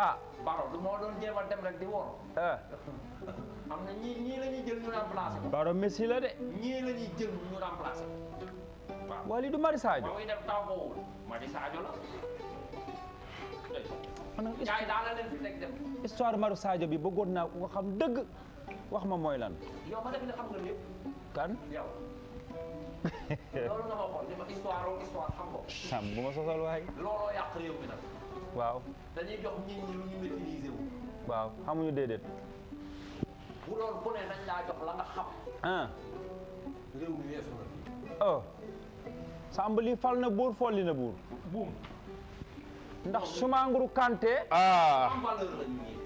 ah Baro du moo doon jéem a dem rek di wor. am ah. na ñii ñii la ñuy jël ñu remplacé ko. Baro Messi la de. ñii la ñuy jël ñu remplacé ko. waaw wali du Mari Sadio. ba muy dem taw boobu Mari Sadio la. maanaam gars yi daal la leen fi teg dem. histoire Mari Sadio bi bëggoon naa ko xam dëgg wax ma mooy lan. yow ma def ne xam nga lépp. kan yow. loolu nga ma xool li ma histoire woon histoire xam ko. Sam bu ma sosal waay. looloo yàq réew mi nag. waaw dañuy jox nit ñi lu ñu waaw xamuñu déedéet. bu doon ah. na. oh. Samb fal na buur folli na buur. buum. ndax Soumangorou Kanté. ah.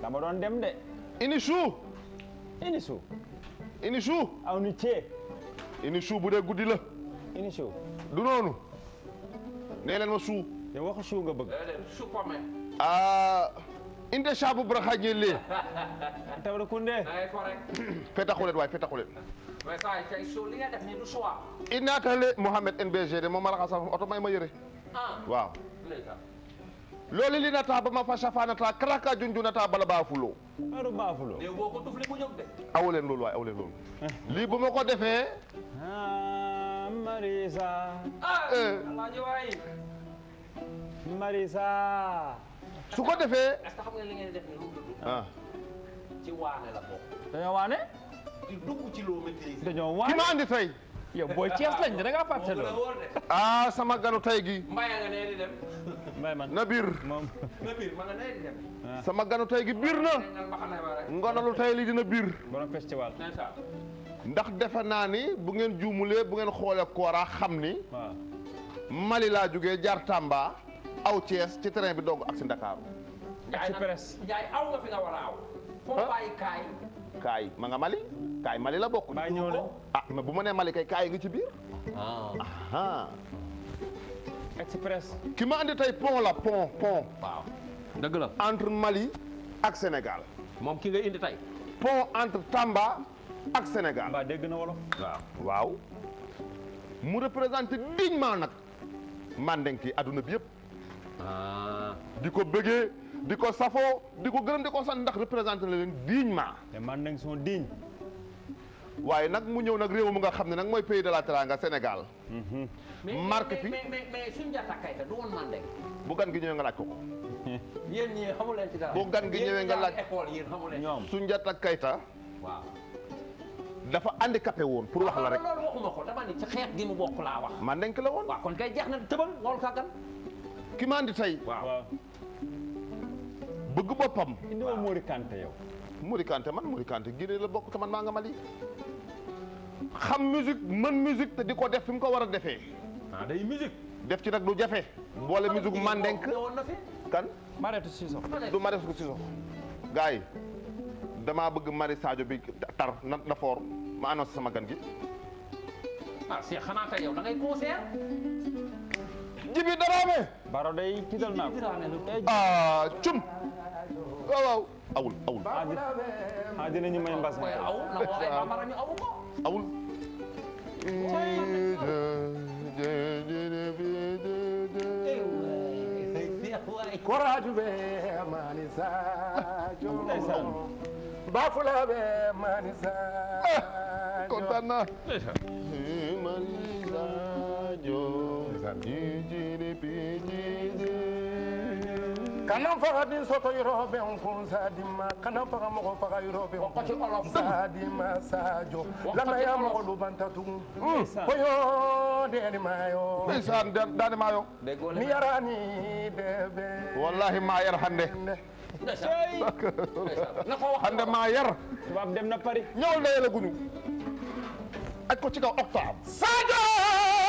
dama doon dem de. ini suu. ini suu. ini suu. aw ni cee. ini suu bu dee guddi la. ini suu. du noonu. nee leen suu. te waxu chou nga bëgg. chou pomme. ah. inde saabu bura xaajee lee. tawre kunde. fetaxuleen waay fetaxuleen. de moom ma raxas sama oto may ma yëre. Ah. loolu li na taa ba ma fa safaana taa karaka junjuna taa bala baafulo. aru ah, baafulo. loolu waay eh. bu ma ko defee. ah Marisa. ah. Eh. Marisa. su ko defee. est-ce que ah. waane la dañoo waane. ci loo maîtrise. dañoo waane ki ma andi tey. yow booy Cees lañ da ngaa fàtte loolu. ah sama ganu tey gi. Mbaye nga nee di moom ah. sama ganu tey gi biir na. ngonalu tey li dina biir. borom festival. ndax defe naa ni bu ngeen juumulee bu ngeen xoolee Kora xam ni. Ah. Mali laa jóge jaar tàmba aw Thiès ci terrain bi doog ak si Dakar. express Ndiaye aw nga fi nga war a aw. foo bàyyi kaay. kaay ma nga Mali kaay Mali la bokk. baa ñëw ah mais bu ma nee Mali kay kaay ngi ci biir. ah. ki ma andi tey pont la pont pont. entre Mali ak Sénégal. moom ki nga indi tey. pont entre tàmba ak Sénégal. mbaa dégg na wolof. waaw waaw. mu représenté dignement nag. mandenki adduna bi yëpp. Ah. di ko bëggee di ko safoo di ko gërëm di ko sant ndax représenté la leen dignement. te man nañ son digne. waaye nag mu ñëw nag réew mu nga xam ne nag mooy pays de la Teranga Sénégal. Mhm. marque fi mais mais bu gan gi ñëwee nga laaj ko ko. yéen ñi bu gan gi ñëwee nga laaj école yéen xamu leen ñoom Soundiata Keita. waaw. dafa handicapé woon pour wax la ah, rek. loolu waxuma gi mu bokk laa man denk la woon. waaw kon kay jeex na tëbal loolu ka gan. ki mandi tey. waaw bëgg boppam. waaw indiwoo Mori Kanté yow. man Mori Kanté la bokk te man maa nga Mali. xam musique mën musique te di ko def fi mu ko war a defee. ah day def ci nag du jafe. boole musique mandenk kan. Mariétou Cissokho du Mariétou Cissokho. bëgg Mari Sadio bi tar na na foor ma annoncé sama gan gi. Ah, xanaa daraame baro day tiital naa ko ah cum waaw waaw awul awul ah dinañu may mbas mi aw awul koraju be manisa bafula be manisa ah, kontaan naa manisa jo sisam jijiri pijiji kana faga kun sa di ma kana faga mɔgɔ faga kun sa di ma sa jɔ lamɛnya mɔgɔ lu banta tugun koyo hmm. ni yara ni dɛbɛ. walahi hande. hande maa yɛrɛ. tubabu na Paris. gunu. aj ko ci kaw octave. Sadio.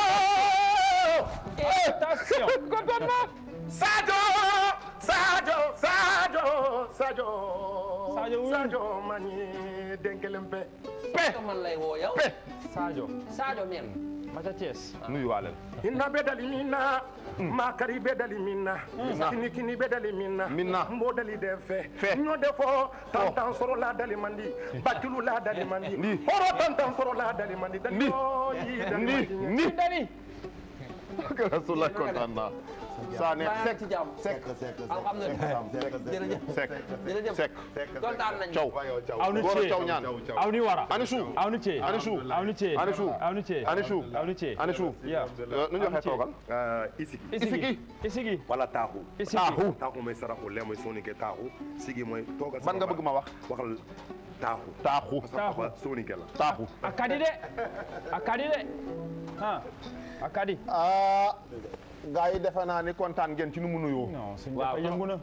attention kontaan naa Sadio Sadio Sadio Sadio Sadio maa ngi dénkelem pe pe man lay woo minna makari bedali minna hmm. hmm. kini minna minna mbo dali den fe fe fo tantan oh. la dali mandi baculu la dali mandi horo tantan la dali mandi oh, dali ni ni ni だからそんなことなんだ。saa neex sekk sekk sekk sekk jërëjëf sekk kontaan nañu caw aw ni cee caw ñaan aw ni wara ani suuf aw ni cee ani suuf cee ani suuf cee ani suuf cee ani suuf nu ñu waxee toogal isigi isigi isigi wala taaxu bëgg ma wax waxal taaxu taaxu taaxu sooni ke la taaxu akadi de akadi de a akadi ah gaa yi defe naa ni kontaan ngeen ci nu mu nuyoo. non suñu dafa yëngu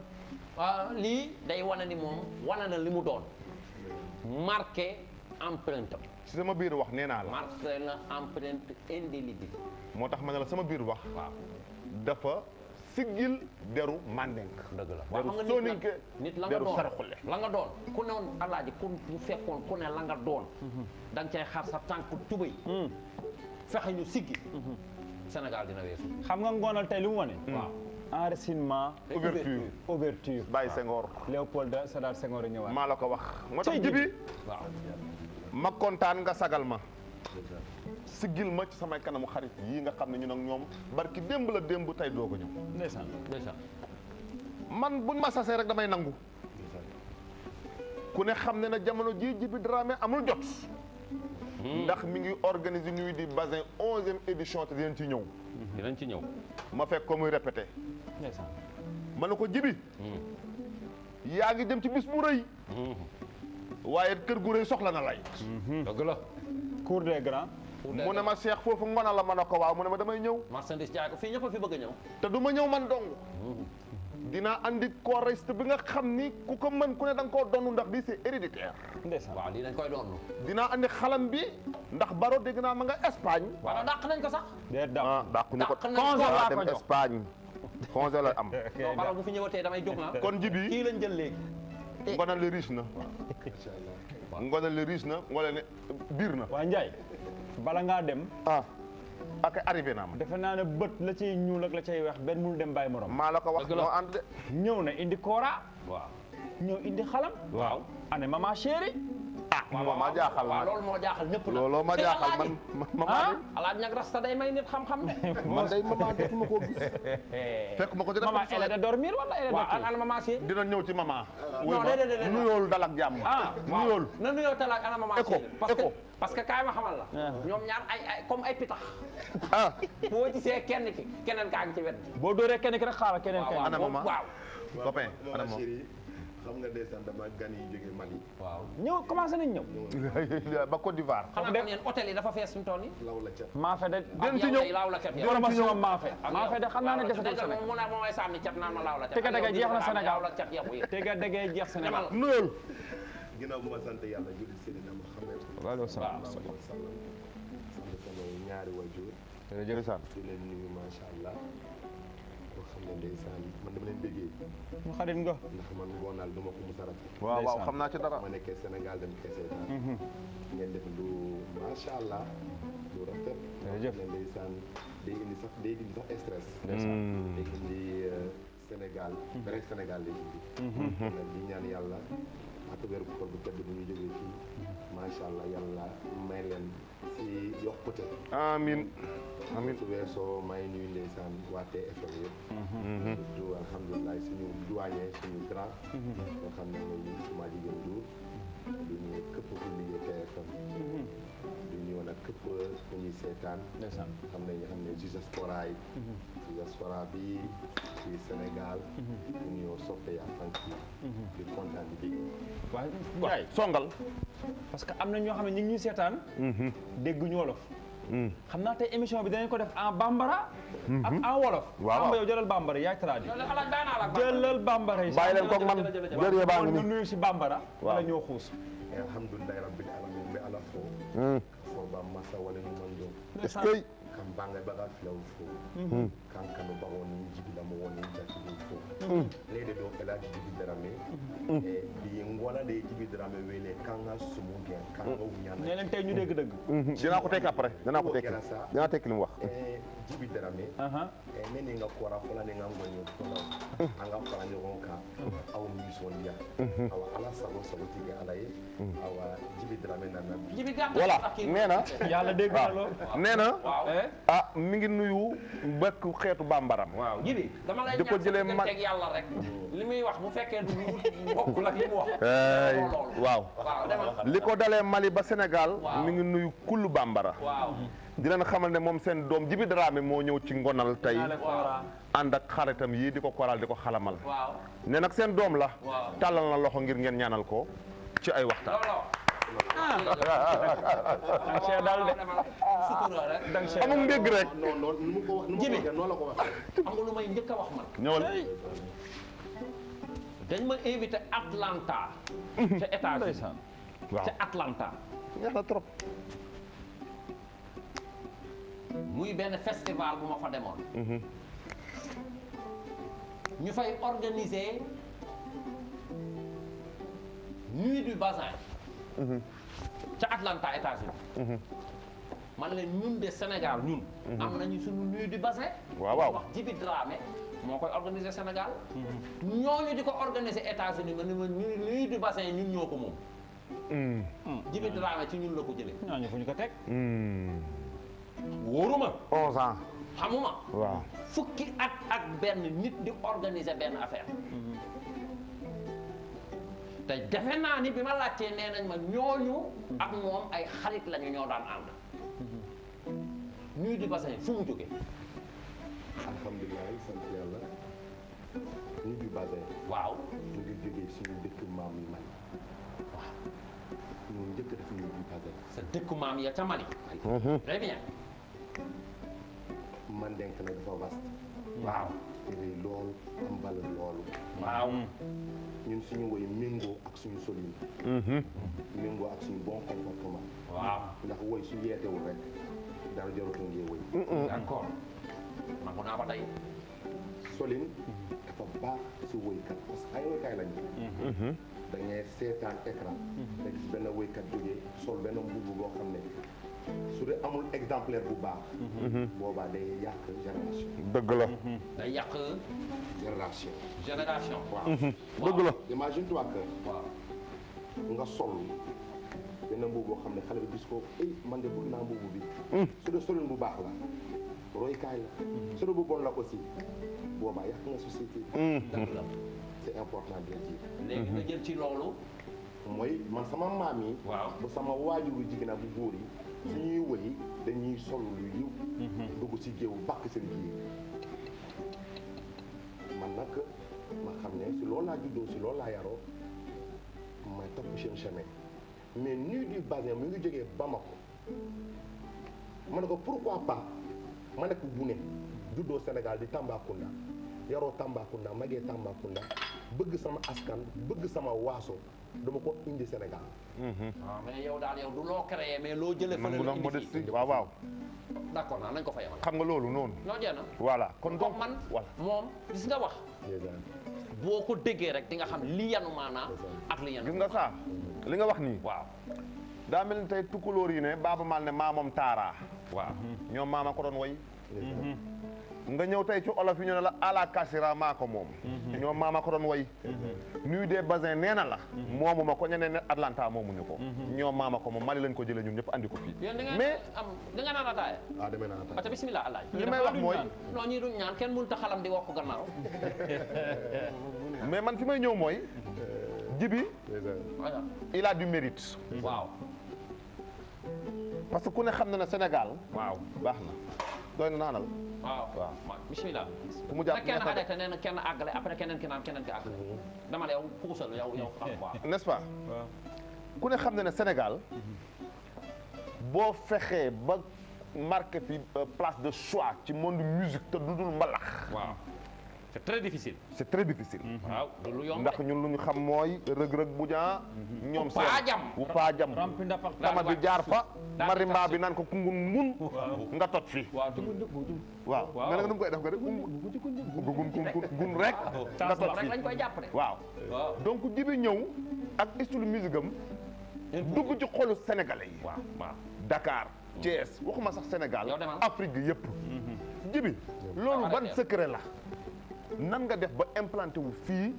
ah, lii day wane ni moom wane na li mu doon marqué empreinte. si sama biir wax nee naa la. marqué na empreinte indélébile. moo tax ma ne la sama biir wax. waaw dafa siggil deru Mandeng. dëgg la waaw xam nga nit la nit la nga doon deru Saraxule doon ku ne woon alaaji ku bu fekkoon ku ne la nga doon. Mhm. da nga cay xaar sa tànk tubay. Mhm. fexe ñu siggi. Mhm. Sénégal dina weesu. xam nga ngoonal tey li mu wane. waaw enracinement. ouverture ouverture. Baye Senghor. Léopold Sédar Senghor ñëwaat. maa la ko wax. moo tax jibi waaw. ma kontaan nga sagal ma. siggil ma ci samay kanamu xarit yii nga xam ne ñu ak ñoom barki démb la démb tey doo a ñëw. man buñ ma sasee rek damay nangu. ku ne xam ne na jamono ji jibi Dramé amul jot. ndax mi ngi organiser nuit di Bazin onzième édition te dinañ ci ñëw. dinañ ci ñëw. ma fekk ko muy répété. ma ne ko jibi yaa ngi dem ci bis mu rëy. waaye kër gu rëy soxla na lay. dëgg la. cour des grands. mu ne ma seex foofu ngona la ma ne ko waaw mu ne ma damay ñëw. marchandise jaay ko fii ñëpp fi bëgg ñëw. te du ma ñëw man dong. Hmm. dinaa andi correct bi nga xam ni ku ko mën ku ne da nga koo donnu ndax di c'est héréditaire. ndeysaan waaw lii dañ koy donnu. dinaa andi xalam bi ndax baro dégg naa ma nga Espagne. waaw dàq nañ ko sax. déet dàq ah dàq ñu ko dàq dem Espagne. congé la am. non baro bu fi ñëwatee damay jóg na. kon jibi kii lañ jël léegi. Eh. ngona le riche na. ngona le riche na ngona le biir na. waa Ndiaye bala ngaa dem. ah. parce que arrivé naa ma. defe naa ne bët la cay ñuul ak la cay weex benn mënu dem bàyyi morom. ko wax noo ànd ñëw na indi koora waaw. ñoo indi xalam. waaw ane maman chérie. ah waaw ma jaaxal ma loolu moo jaaxal ñëpp la looloo ma jaaxal man maman. Ah, alaaj nag rasta day may nit xam-xam de. man day maman jotuma koo gis. fekk ma ko jot a. maman elle est de dormir wala elle est de kii waaw ana maman si. dina ñëw ci maman. non déedéet déedéet nuyoolu dal ak jàmm. ah waaw nuyoolu. na nuyoo tal ak ana maman chérie. parce que parce que kaay ma xamal la. Ah. ñoom ñaar ay ay comme ay pitax. ah boo gisee kenn ki keneen kaa ngi ci wet. boo dooree kenn ki rek xaaral keneen kenn. waaw waaw waaw copain ana moom xam nga ndeysaan dama gan yi jóge Mali. waaw ñëw commencé nañ ñëw. ba Côte d'Ivoire. xam nga yéen hôtel yi dafa fees suñu tool yi. law la cat maa fe de. den ci ñëw law la cat yow ma ñëw maa fe. maa fe de xam naa ne desatul Sénégal mu ne moomay sàmmi cat naan ma law la cat. tega dege jeex na Sénégal tega dege jeex Sénégal nuyul. ginnaaw bu ma sant yàlla julli Seydina Muhammad. waaleykum salaam wa rahmatulah. sant sama ñaari wajur. jërëjëf Sane. di leen nuyu macha allah. xam ne ndeysaan man dama leen déggee mu xarit nga ndax man ngoonaal du ma ko waaw xam naa ci dara ma nekkee Sénégal dem keseetaan mhm. ngeen def lu macha allah lu rafet jërëjëf ne ndeysaan day indi sax day indi sax stress euh, Sénégal mhm. vrai Sénégal day mhm. ñaan yàlla ak weeru koor bu tedd bu ñu jógee fii macha allah yàlla may leen si yokkute. amiin amiin su weesoo may nuyu ndeysaan waa TFM yëpp. surtout mhm. alhamdulilah suñu duwaañee suñu grand. Mhm. nga xam ne mooy suma jigéen du. du ñu képp ku liggéey woon ak këpp ku ñuy seetaan xam ne ñu xam ne mhm. bi ci Sénégal mhm. ñu mhm. parce que am na ñoo xam ne ñu ngi ñuy seetaan dégg ñu wolof xam naa tey émission bi danañ ko def en bambara. ak en wolof. waaw Samba yow jëlal bambara yaay traduit. jëlal bambara yi. bàyyi leen koog man jërëjëf baa bambara. waaw wala ñoo xuus. alhamdulilah rabbil baba masa wala ɲuman dɔn kan bangebaga filaw fo kan mhm. kanubagaw ni jigilamɔgɔ ni jatigiw fo ne mhm. de dɔ kɛla jibi darame mhm. eh, bi ye n de ye jibi darame wele kan ka sumu nee nañ tey ñu dégg dëgg. Mhm. dinaa ko tekki après dinaa ko tekki dinaa tekki li mu wax. Eh, Djiby Dramé. ne eh, ni nga kora fɔlɔ ni nga ŋɔni fɔlɔ mhm. an ka fara ɲɔgɔn kan mhm. aw nisɔndiya awa ala sago sago ti na. yàlla dégg na eh? ah, ngi nuyu mbëkk xeetu bambaram. waaw Djiby dama lay ñaan di ko teg yàlla li muy wax bu fekkee du bokkul wax. waaw waaw li ko dalee Mali ba Sénégal mi ngi nuyu kullu bàmbara di leen xamal ne moom seen doom Djiby Dramé moo ñëw ci ngonal tey ànd ak xaritam yii di ko koral di ko xalamal ne nag seen doom la tàllal na loxo ngir ngeen ñaanal ko ci ay waxtaan dang waaw ca Atlanta. neex trop. muy benn festival bu ma fa demoon. Mhm. ñu fay organiser nuit du bazin. Mhm. ca Atlanta États-Unis. Mhm. man leen ñun de Sénégal ñun. am na nañu suñu nuit du bazin. waaw waaw wax Djibi Dramé moo koy organiser Sénégal. ñooñu di ko organiser États-Unis ma ni ma nuit du bazin ñun ñoo ko moom. Djiby hmm. Dramé ci ñun la ko jëlee. ñooñu fu ñu ko teg. Hmm. wóoruma. 11 ans. xamuma. waaw fukki at ak benn nit di organiser benn affaire. Hmm. te defe naa ni bi ma laajtee nee ma ñooñu. ak moom ay xarit lañu ñoo daan ànd. ñuy di bassin fu mu jógee. waaw. ñu ngi jógee suñu dëkk maam yi man. moom njëkk def ñu buñ tàggal sa dëkku maam ya ca Mali man denk na dafa was waaw rëy loolu am bal loolu waaw ñun suñu woy méngoo ak suñu solin méngoo ak suñu bon comportement waaw ndax woy su yeetewul rek dara jarutoo ngee woy d'accord man ko naa ba tey solin dafa baax su woykat parce que ay woykaay lañu da ngay seetaan écran da mhm. benn woykat jógee sol benn mbubu boo xam ne su dee amul exemplaire bu baax mhm. boobaa day yàq génération dëgg la mhm. day yàq génération génération dëgg la imagine toi que waaw nga sol benn mbubu boo xam ne xale eh, man dee solin bu baax la dee bu bon dëgg la c'est important de dire. nga mhm. jël ci loolu. mooy man sama maam yi. waaw ba sama waajuru jigéen ak bu góor yi. su ñuy wëy dañuy sol lu yiw. Mhm. dugg ci géew bàkk seen biir. man nag ma xam ne si loolu laa juddoo si lool laa yaroo may topp seen chemin mais nuit du Bazin mu ngi jógee Bamako ma ne ko pourquoi pas ma nekk Gune juddoo Sénégal di Tambacounda yaroo Tambacounda magee Tambacounda. bëgg sama askan bëgg sama waaso dama ko indi Sénégal. waaw mhm. ah, mais yow daal yow du loo créé mais loo jëlee. fële la indi fii waaw waaw. d' accord naa nañ ko xam nga loolu noonu. non kon donc man moom gis nga wax. boo ko déggee rek di nga xam li yanu maanaa ak li yanu. gis nga saa li nga wax nii. waaw daa mel ni tey tukulóor yi ne Baaba Maal ne maamoom taaraa. waaw ñoom maama ko doon way nga ñëw tey ci olof yi ñu ne la ala kasira maa ko moom mhm. ñoom maama ko doon way mhm. nuy des basin nee na la mhm. moomu ma ko ñeneen Atlanta moomuñu ko ñoom maama ko moom Mali lañ ko jëlee ñun ñëpp andi ko fii mais am da nga naan ataaya ah damay li may wax mooy non ñi ñaan kenn mënut a di wokk gannaaw mais man fi may ñëw mooy jibi il du mérite waaw parce que ku ne xam na ne Sénégal waaw baax na doy na naanal. waaw waaw bisimilah. bu mu jàpp kenn arrêté nee na kenn àggale après keneen ki naan keneen ki àggale. Mhm. dama ne yow puusal yow yow xam quoi. nest ku ne xam na ne Sénégal boo fexee ba marqué fi euh, place de choix ci monde musique te dudul mbalax. c'est très difficile. c'est très difficile. Mhm. waaw lu yomb ndax ñun lu ñu xam mooy rëg-rëg bu jaa. Mhm. ñoom seen wu paajam tama bi jaar fa. marimba bi naan ko kungun ngun. nga tot fii. waaw nga ne nga nu mu koy def ko rek gun gun rek. nga tot fii waaw. donc jibi ñëw ak style musique am dugg ci xolu sénégalais yi. waaw waaw waxuma sax Sénégal. Afrique mhm. bi yëpp. jibi loolu ban secret la. nan nga def ba implanté wu fii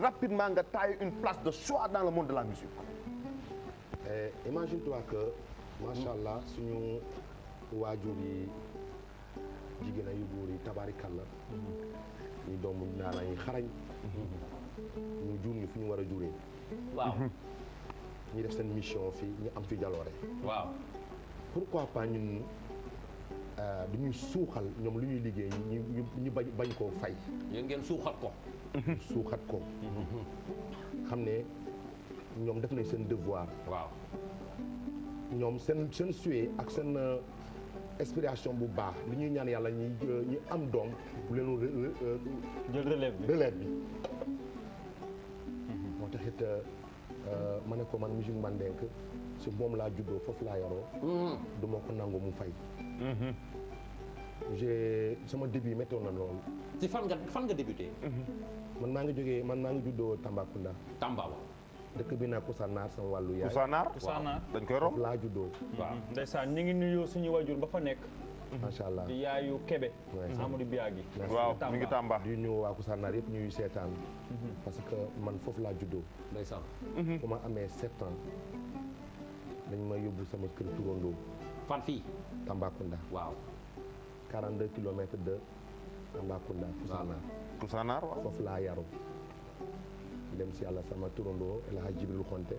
rapidement nga taille une place de choix dans le monde de la musique. Eh, imagine-toi que macha allah suñu waajur yi jigéen a yu góor yi tabaarikàlla ñu doomu naana yi xarañ ñu jur ñu fu ñu war a juree waaw def seen mission fii ñu am fi jaloore waaw pourquoi pas ñun du euh, ñuy suuxal ñoom lu ñuy liggéey ñu ñu bañ bañ koo fay. yéen ngeen suuxat ko. suuxat ko. xam ne ñoom def nañ seen devoir. waaw ñoom seen seen sué ak seen inspiration euh, bu baax lu ñuy ñaan yàlla ñi euh, ñu am doom bu leen jël relève bi relève bi. moo taxit ma ne ko man musique Mandenk si moom laa juddoo foofu laa yaroo. Mm-hmm. du ma ko nangu mu fay. Mm-hmm. j'ai sama début méttoon na loolu. ci fan nga fan mm-hmm. man maa ngi jógee man maa ngi juddoo Tambacounda. Tamba dëkk bi naa Kousanaar sama wàllu yaay. Kousanaar Kousanaar dañ koy romb laa juddoo. waaw mm-hmm. ndeysaan ñu ngi nuyoo suñu wajur ba fa nekk. Mm-hmm. macha allah di yaayu Kébé. Amadou Biagi. waaw mi ngi Tamba di nuyu waa Kousanaar yëpp ñuy seetaan. parce que man foofu laa juddoo. ndeysaan. bu ma amee sept ans dañ ma yóbbu sama kër turandoo. fan fii Tambacounda waaw. 42 kilomètres de Tambacounda. Koussanar Koussanar waaw foofu laa yaru dem si yàlla sama turandoo El Hadj Jibril Xonte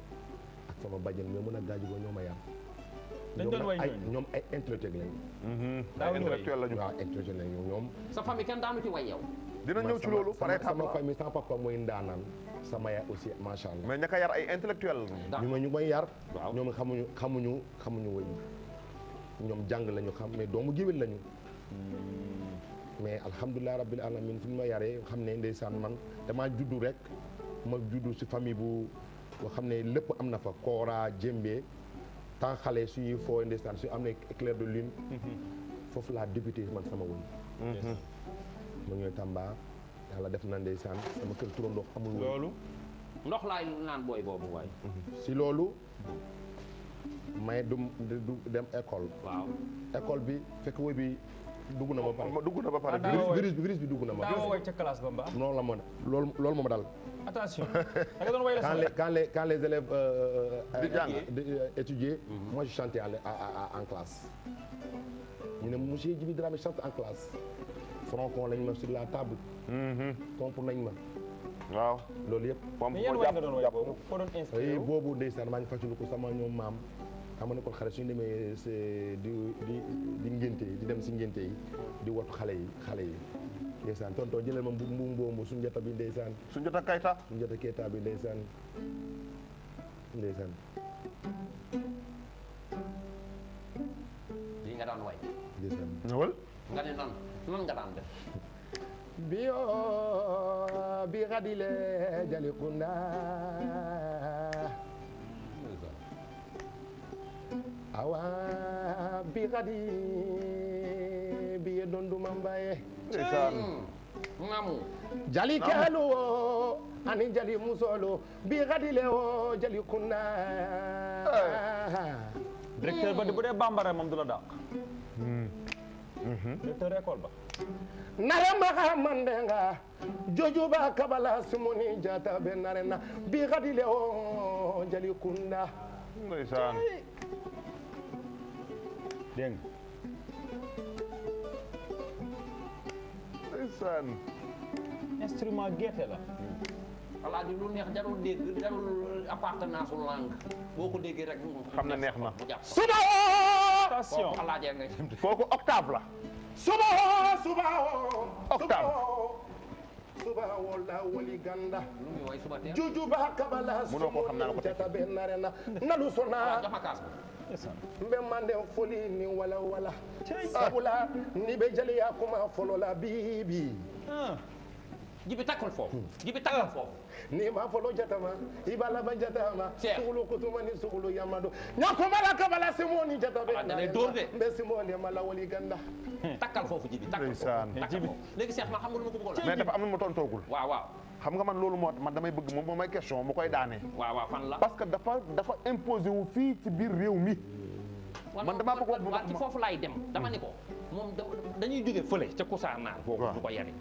ak sama bajjen ñoo mën a gaajugoo ñoo ay ñoom ay intellectuel lañu. Mhm. ay intellectuel lañu waaw intellectuel lañu ñoom. sa famille kenn daanu way yow. dina ñëw ci loolu par exemple sama famille sama papa mooy ndaanaan sama yaay aussi macha allah. mais ñaka yar ay intellectuel ñu ma ñu may yar. ñoom xamuñu xamuñu xamuñu way ñoom jàng lañu xam mais doomu géwél lañu. Hmm. mais alhamdulilah rabbil alamin fu ñu ma yaree xam ne ndeysaan man damaa juddu rek ma juddu si famille bu nga xam ne lépp am na fa kooraa jëmbee tant xale suñuy foo ndeysaan su am ne éclair de lune mm-hmm. foofu laa débuté man sama woy mm-hmm. ma ñooy Tamba yàlla def na ndeysaan sama kër turandoo amul woon loolu ndox laay naan booy boobu waay mm-hmm. si loolu may du du dem école waaw école bi fekk woy bi dugg na ma pare ma dugg na ba pare. virus virus bi dugg na ma. daawoo waay ca loolu loolu moom daal. attention da nga doon woy la quand les quand les quand les élèves. Euh, euh, di jàng euh, étudier. Mhm. en classe. ñu ne monsieur Djiby Dramé chante en classe. froncon lañ ma sur la table. pomp mhm. nañ ma. waaw loolu yëpp. pomp ko jàpp mais yan waay nga doon woy maam. xam nga ne kon xale suñu demee di di di ngénte di dem si ngénte yi di watu xale yi xale yi ndeysaan tonton jëlal ma mbu mboobu suñu jota bi ndeysaan suñu jota kayta suñu jota kayta bi ndeysaan ndeysaan lii nga daan way nga ne nan nan nga daan def bio bi xadile jalikunda awa bi xadi bi ye dondu mambaye hmm. ngamu jali kaalu ani jali musolu bi xadi le jali kunna directeur ba bu dee bambara moom du la dàq hmm. mm-hmm. directeur école ba nare maxa be nare na bi xadi le jali kunda dégg nga instrument gerte la alaa ji lu neex jarul dégg jarul appartenance u langue boo ko déggee rek xam na neex na suba station alaajee nga kooku octave la suba suba octave suba wala wali ganda juju ba kabala munoo ko xam naa ko teg nalu sona mbe manden foli ni wala wala sabula ni be jaliya kuma folola bibi ah. jibi takkol foofu hmm. jibi takkol ah. foofu ni ma folo jatama i b'a laban jatama sugulu kutuma ni sugulu yamado ñakumala kabala simo ni jata be dana dóor de mbe simo ni mala wali ganda hmm. takkal foofu jibi takkal foofu léegi Cheikh ma tontoogul xam nga man loolu moo man damay bëgg moom mooy question mu koy daanee. waaw waaw fan la parce que dafa dafa imposé wu fii ci biir réew mi. man damaa bëgg wax waaw ci foofu laay dem dama ni ko moom dañuy jóge fële ca Kousanaar. boobu du ko yari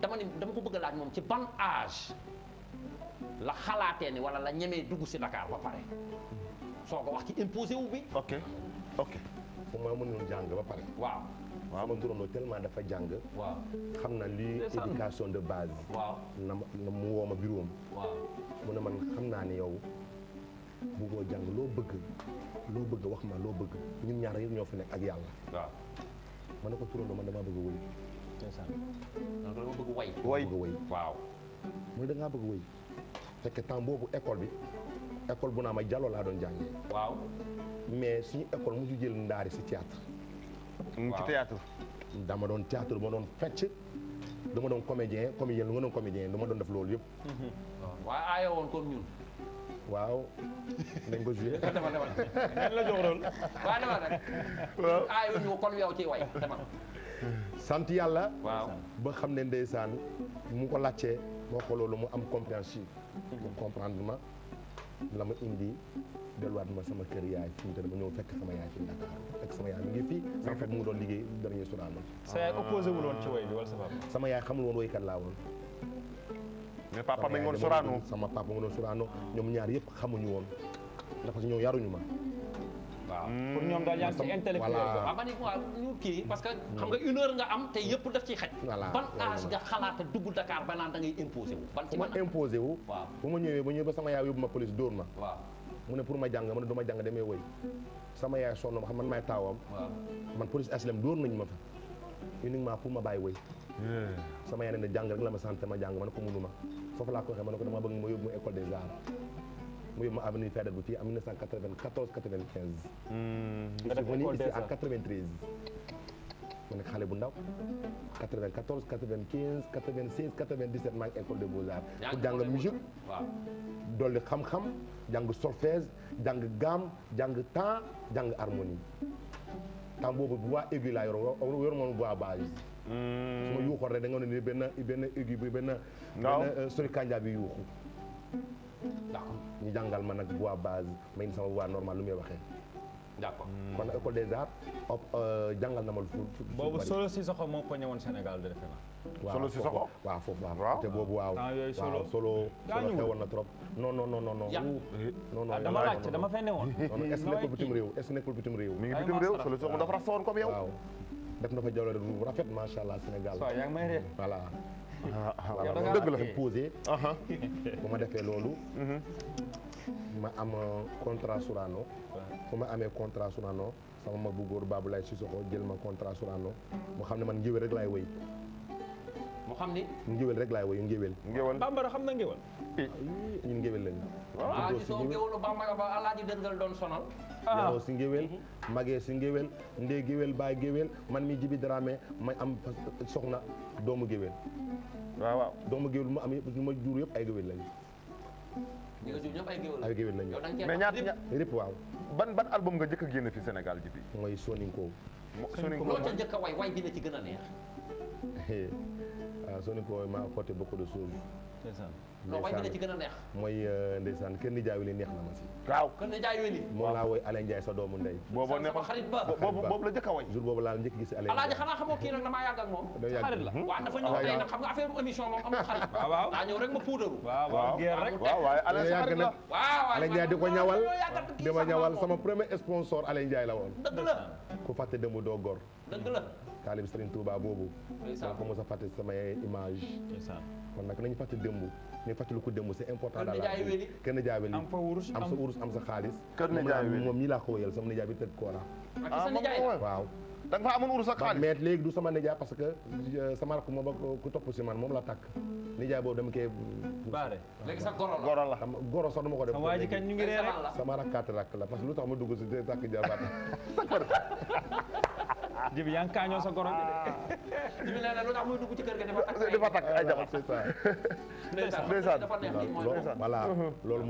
dama ni dama ko bëgg a laaj moom ci ban âge la xalaatee ni wala la ñemee dugg si Dakar ba pare soo ko wax ci imposé wu bi. ok ok. fu ma mënoon jàng ba pare waaw. waaw sama turandoo tellement dafa jàng. waaw xam na lii éducation de base. waaw na ma mu woo ma bureau am. waaw mu man xam naa ni yow bëggoo jàng loo bëgg loo bëgg wax ma loo bëgg ñun ñaar yëpp ñoo fi nekk ak yàlla. ma ne ko turandoo man damaa bëgg a wëy. bëgg way. way bëgg a wëy bëgg a temps boobu école bi école bu naa ma jàlloo laa doon jàngee. waaw mais suñu école mu ju jël ndaari si théâtre. ci théâtre dama doon théâtre ma doon fecc dama doon comédien comédien lu ma doon comédien dama doon def loolu yëpp mm-hmm. waaw aaya woon comme waaw nañ ko joué sant yàlla waaw ba xam ne ndeysaan mu ko laajtee moo ko mu am compréhension mu comprendre la ma indi delluwaat ma sama kër yaay fi mu te dama ñëw fekk sama yaay fi Dakar fekk sama yaay mi ngi fii sama papa mu doon liggéey dernier Sorano sa yaay opposé sa papa sama yaay xamul woon woykat laa woon mais papa ma ngi woon Sorano sama papa ma ngi ñoom ñaar yëpp xamuñu woon ndax parce que ñoom yaruñu ma Mm. pour ñoom daal yaa ngi ci intellectuel ah, ko ma ah, ni waaw ñu kii parce que xam nga une heure nga am te yëpp daf ciy xaj ban âge nga xalaata dugg Dakar ba naan da ngay imposé wu ban ci ma imposé bu ma ñëwee ba ñëwee ba sama yaay yóbbu ma police dóor ma mu ne pour ma jàng ma ne demee woy sama yaay sonn ma xam man maay taawam man police aslem dóor nañu ma fa uniquement pour ma bàyyi woy hmm. sama yaay ne jàng rek la ma sant ma jàng ma ne ko mënuma foofu laa ko waxee ma ne ko dama bëgg ma yóbbu ma école des arts muy ma avenue Ferragu en 1994 95. nga def école des arts je xale bu ndaw 94 95 96 97 maa ngi école des beaux arts. pour jàng musique. waaw dolli xam-xam jàng solfège jàng gamme jàng temps jàng harmonie. temps boobu bu waa aigu laa yor yor moom bu waa base. Hmm. su ma yuuxoon rek da nga ne benn bi benn. waaw euh, bi yuuxu. ñu jàngal ma nag voix base ma indi sama voix normal lu muy waxee. d'accord mm. kon école des arts op euh, jàngal na ma lu. boobu solo si soxo moo poñe woon Sénégal de defe naa. solo si soxo waaw foofu waaw. te boobu waaw waaw solo. na trop. non non non non non. Ah, non non dama laajte dama fay newoon. est nekkul bitim réew est ce nekkul bitim réew. mi ngi bitim réew solo si soxo dafa rax woon comme yow. def na fa jaww rafet macha allah Sénégal. waaw yaa ngi may voilà. dëgg la posé bu ma defee loolu mhm. ma am contrat Sorano fu ma amee contrat Sorano sama ma bu góor Babou Laye Sissoko jël ma contrat Sorano mu xam ne man njiw rek laay mu xam ni. ngéwél rek laay woy ngéwél. ngéwél bambara xam na ngéwél. Ah, ñun ngéwél lañu. waaw ah, ah, ci soo ngéwélu bambara ba alaaji dëngal doon sonal. yaroo si ngéwél mhm. soxna doomu géwél. waaw waaw doomu géwél mu ma jur yëpp ay géwél lañu. ñi nga jur ay géwél lañu. ay géwél lañu mais rip waaw. ban album nga jëkk a génn fi Sénégal ji mooy Soninko. Soninko loo ca njëkk way way bi la ci gën neex ah Sonico maa apporté beaucoup de choses. c'est ça mooy euh, ndeysaan kenn di jaay weli neex na ma si. waaw kenn di jaay weli. moom laa woy Alain sa doomu ndey. boobu la njëkk a woy. jour boobu laa njëkk gis Alain. alaaji xanaa di ko ñawal di ma ñawal sama premier sponsor Alain Ndiaye la woon. dëgg la ku fàtte démb doo gor taalib Serigne Touba boobu maa ko mos a fàtte sama image kon nag nañu fàtte démb ñu fàttali ko démb c'est important daal kër na jaaweli am sa wurus am sa xaalis moom ñi laa ko wëyal sama nijaay bi tëgg koora ah, waaw da nga fa amoon wurus ak xaalis mais léegi du sama parce que euh, sama rakk ma ba ku topp si man moom la takk nijaay boobu dama koy baare léegi sa goro la goro la goro sax dama ko def waa ji kañ ñu ngi reere sama rakkaat rakk la parce que lu tax ma dugg si takk jibi yaa ngi kaañoo sa goro bi de. lu tax muy dugg takk ay dafa takk loolu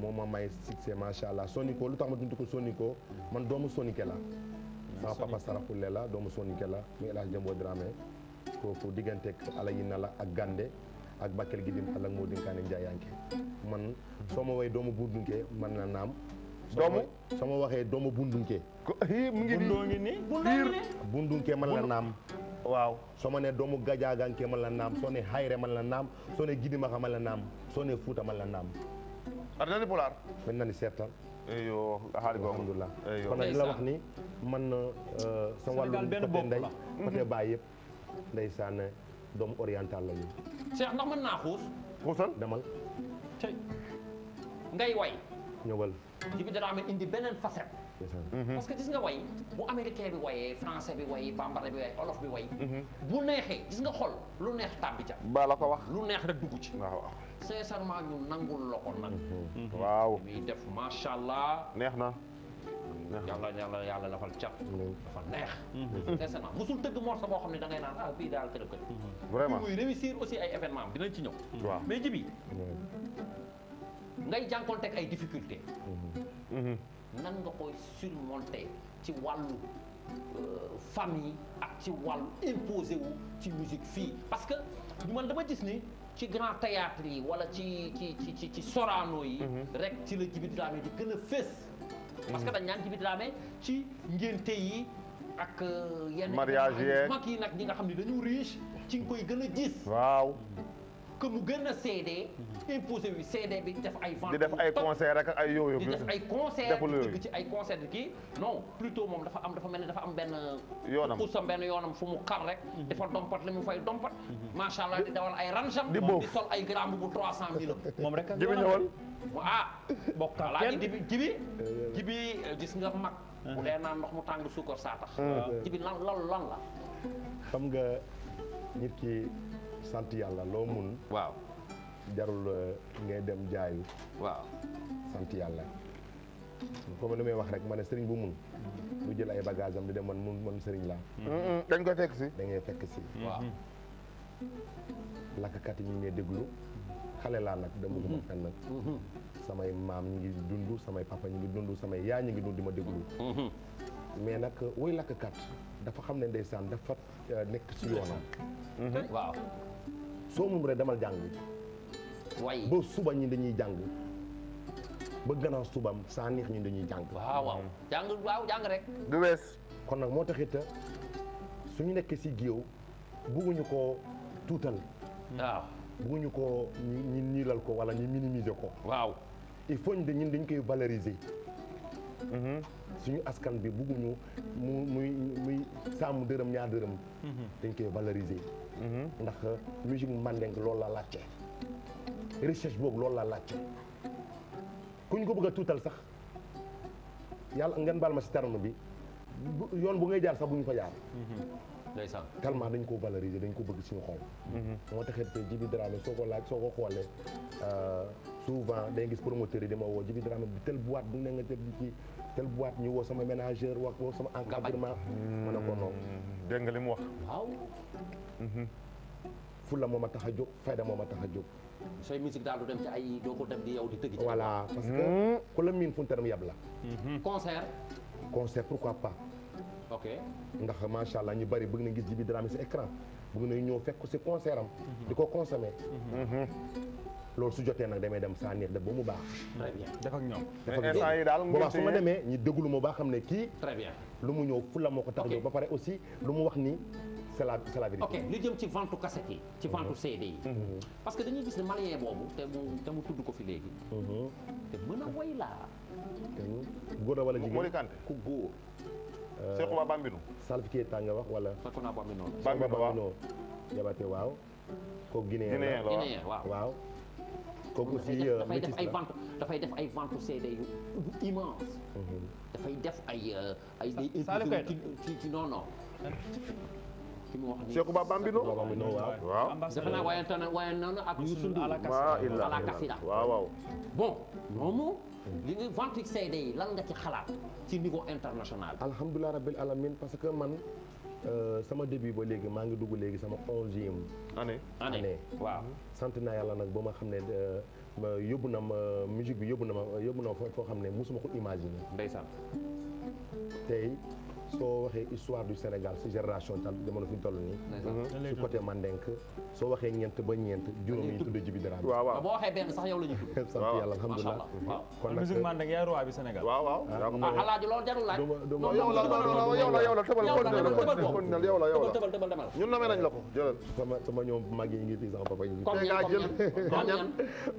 moo ma may succès macha allah Sonico lu tax ma tudd ko man doomu Soniké la. Hmm. sama papa Saraxule la doomu Soniké la muy El Hadj Jëmboo Dramé kooku digganteeg ala la ak Gande. ak Bakel gi dim moo dinkaane Ndiayanke man soo ma woy doomu buur man na naam doomu soo ma waxee doomu bundunke. ko mu ngi nii bundoo ngi man la naam. waaw soo ma ne doomu gajaaganke man la naam soo ne xayre man la naam soo ne gidimaxa man la naam soo ne fuuta man la naam. ar nani pulaar. la wax ni man euh, sa wàllu côté day côté mhm. doomu oriental la ñu ndax mën naa xuus xuusal demal ngay way ñëwal jibi dana amee indi beneen facette parce que mhm. gis nga way bu américain bi wayee français bi way bambara bi way olof bi way bu neexee gis nga xol lu neex tàbbi ca ba la ko wax lu neex rek dugg ci waaw sincèrement ñu nangul la ko nag waaw muy def macha allah neex na yàlla yàlla yàlla dafal cat dafa neex sincèrement musul tëgg morceau boo xam ne da ngay naan ah bii daal kërëb kërëb vraiment muy réussir aussi ci ñëw jibi ngay jànkoonteeg ay difficulté mm-hmm. Mm-hmm. nan nga koy surmonter ci wàllu euh, famille ak ci wàllu imposé wu ci musique fii parce que man dama gis ni ci grand théâtre yi wala ci ci ci ci ci Sorano yi mm-hmm. rek ci la Djiby Dramé di gën a fés parce que dañ naan Djiby Dramé ci ngénte yi ak euh, yenn mariage yeeg mag yi nag ñi nga xam ne dañu riche ci nga koy gën a gis waaw que mu gën a CD. imposé wu CD bi def ay ventes. di def ay concert ak ay yooyu. di def ay concert di ci ay concert kii. non plutôt moom dafa am dafa mel ni dafa am benn. yoonam pour sa benn yoonam fu mu xar rek. Mhm. dafa dompat li mu fay dompat. Mhm. macha allah di dawal ay ranjam. di boof di sol ay gramme bu 300000. moom rek ak yoonam la jibi jibi eh, eh, eh. jibi euh, gis nga mag. Ah. bu dee naan ndox mu tàng suukar saa tax. Ah. Ah. jibi lan lan lan la. xam nga nit ki. sant yàlla loo mun. waaw jarul euh, ngay dem jaayu. waaw sant yàlla. comme li may wax rek ma ne sëriñ bu mun. bu jël ay bagage am di dem man mun man sëriñ laa. dañ koy fekk si. da ngay fekk si. waaw. Mm-hmm. lakkat yi ñu ngi may déglu. xale laa nag demaguma mm-hmm. fenn. Mm-hmm. samay maam ñu ngi dundu samay papa ñu ngi dundu samay yaa ñu ngi dund di ma déglu. mais nag woy lakkat dafa xam ne ndeysaan dafa euh, nekk ci yoonam. waaw. soo moom rek demal jàng way ba suba ñi dañuy jàng ba gannaaw subam saa neex ñi dañuy jàng waaw waaw jàng waaw jàng rek du wees kon nag moo tax it suñu nekkee si géew bugguñu ko tuutal waaw bugguñu koo ñu niilal ko wala ñu minimiser ko waaw il faut de ñun dañ koy valoriser mhm. suñu askan bi bugguñu mu muy muy sàmm dërëm ñaar dërëm mhm. dañ koy valoriser Mm-hmm. ndax musique euh, mandeng loolu la laajte recherche boobu loolu la laajte kuñ ko bëgg a tuutal sax yàlla ngeen baal ma si terme bi yoon bu ngay jaar sax bu ñu ko jaar mm-hmm. ndeysaan tellement dañ ko valoriser dañ ko bëgg suñu xol mm-hmm. moo taxit tey Djiby Dramé soo ko laaj soo ko xoolee euh, souvent day gis promoteur yi di ma woo Djiby Dramé bi tel boîte bu ne nga teg ci tel boîte ñu woo sama ménageur wax woo sama encadrement mën a ko noonu dégg wax fulla moo ma tax a jóg fayda moo ma tax a jóg. sooy musique daal du dem ci ay doo ko dem di yow di tëgg. voilà parce que hmm. ku la miin funtaram yab la. Hmm. concert. concert pourquoi pas. ok ndax macha ñu bari bëgg na gis Djiby Dramé si écran bëgg nañ ñëw fekk ko si concert hmm. di ko consommer. loolu su jotee nag damay dem sa neex da ba mu baax. très bien def ak ñoom. mais instant yi daal mu su ma demee ñu déglu ma ba xam ne kii. très bien lu mu ñëw fulla moo ko tax a jóg ba pare aussi lu mu wax nii. c'est la c'est jëm ci vente cassette yi. ci vente mhm. CD yi. Mhm. parce que dañuy gis ne malien boobu te mu tudd ko fi léegi. Mhm. te mën a woy laa. góor la wala jigéen ku góor. Seexuna euh, Bambino. Salif Keita nga wax wala. Seexuna Bambino. Bambino waaw kooku Guinéen la waaw kooku aussi dafay def euh, ay vente dafay def ay vente immense. dafay def ay euh, ay. Salif Keita ci ci non non. ki mu wax nii Cheikh Ba Bambino waaw. defe naa waaye tànn waaye noonu ak. Youssou ala kasira waaw waaw. bon moomu. li nga vingt-huit CD lan nga ci xalaat ci niveau international. alhamdulilah rabbil alamin parce que man. Euh, sama début ba léegi maa ngi dugg léegi sama onzième année année waaw sant naa yàlla nag ba ma xam ne euh, yóbbu na ma musique bi yóbbu na ma yóbbu na ma foo xam ne mosuma ko imaginer ndeysaan tey soo waxee histoire du Sénégal si génération tant jamono fi ñu toll nii. si mhm. côté Mandenk soo waxee ñeent ba ñeent juróom yi tudd Djiby Dramé. waaw waaw boo waxee benn sax yow la ñu tudd. sant yàlla alhamdulilah kon nag musique euh, Mandenk yaay roi bi Sénégal. waaw waaw ah, alaaji loolu jarul laaj. yow la yow la yow la tëbal continuel yow la yow la tëbal tëbal demal. ñun namee nañ la ko jëlal. sama sama ñoom mag yi ngi fi sama papa yi ngi fi. comme ñan comme ñan.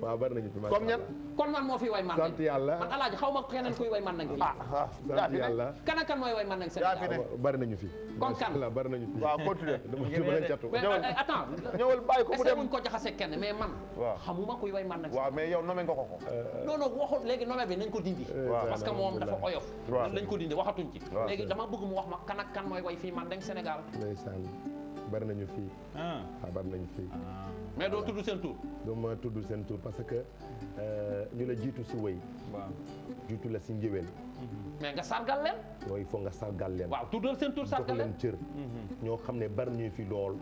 waaw bari nañu fi comme ñan. kon man moo fi way Mandenk. sant yàlla man alaaji xaw ma keneen kuy way Mandenk. ah ah sant yàlla kan ak kan mooy way Mandenk Sénégal ah, bari nañu fi. kon kan bari nañu fi. waaw continuer attends ñëwal bàyyi ko mu dem est-ce que buñ ko jaxase kenn mais man. waaw xamuma kuy way man nag. waaw mais yow nommé nga euh, euh. léegi nommé bi nañ ko dindi. Euh, parce que moom dafa oyof. nañ ko dindi waxatuñ ci. léegi dama bëgg wax ma kan kan way fii man dañ Sénégal. bari nañu fii. Ah. ah bari nañu fii. Ah. mais doo tudd doo ma tudd seen tur parce que Euh, ñu la jiitu si woy jiitu la si njëwél mhm. mais nga sargal leen yooyu foog nga sargal leen waaw tuddal seen tur sargal leen cër mhm. ñoo xam ne bari ñu fi lool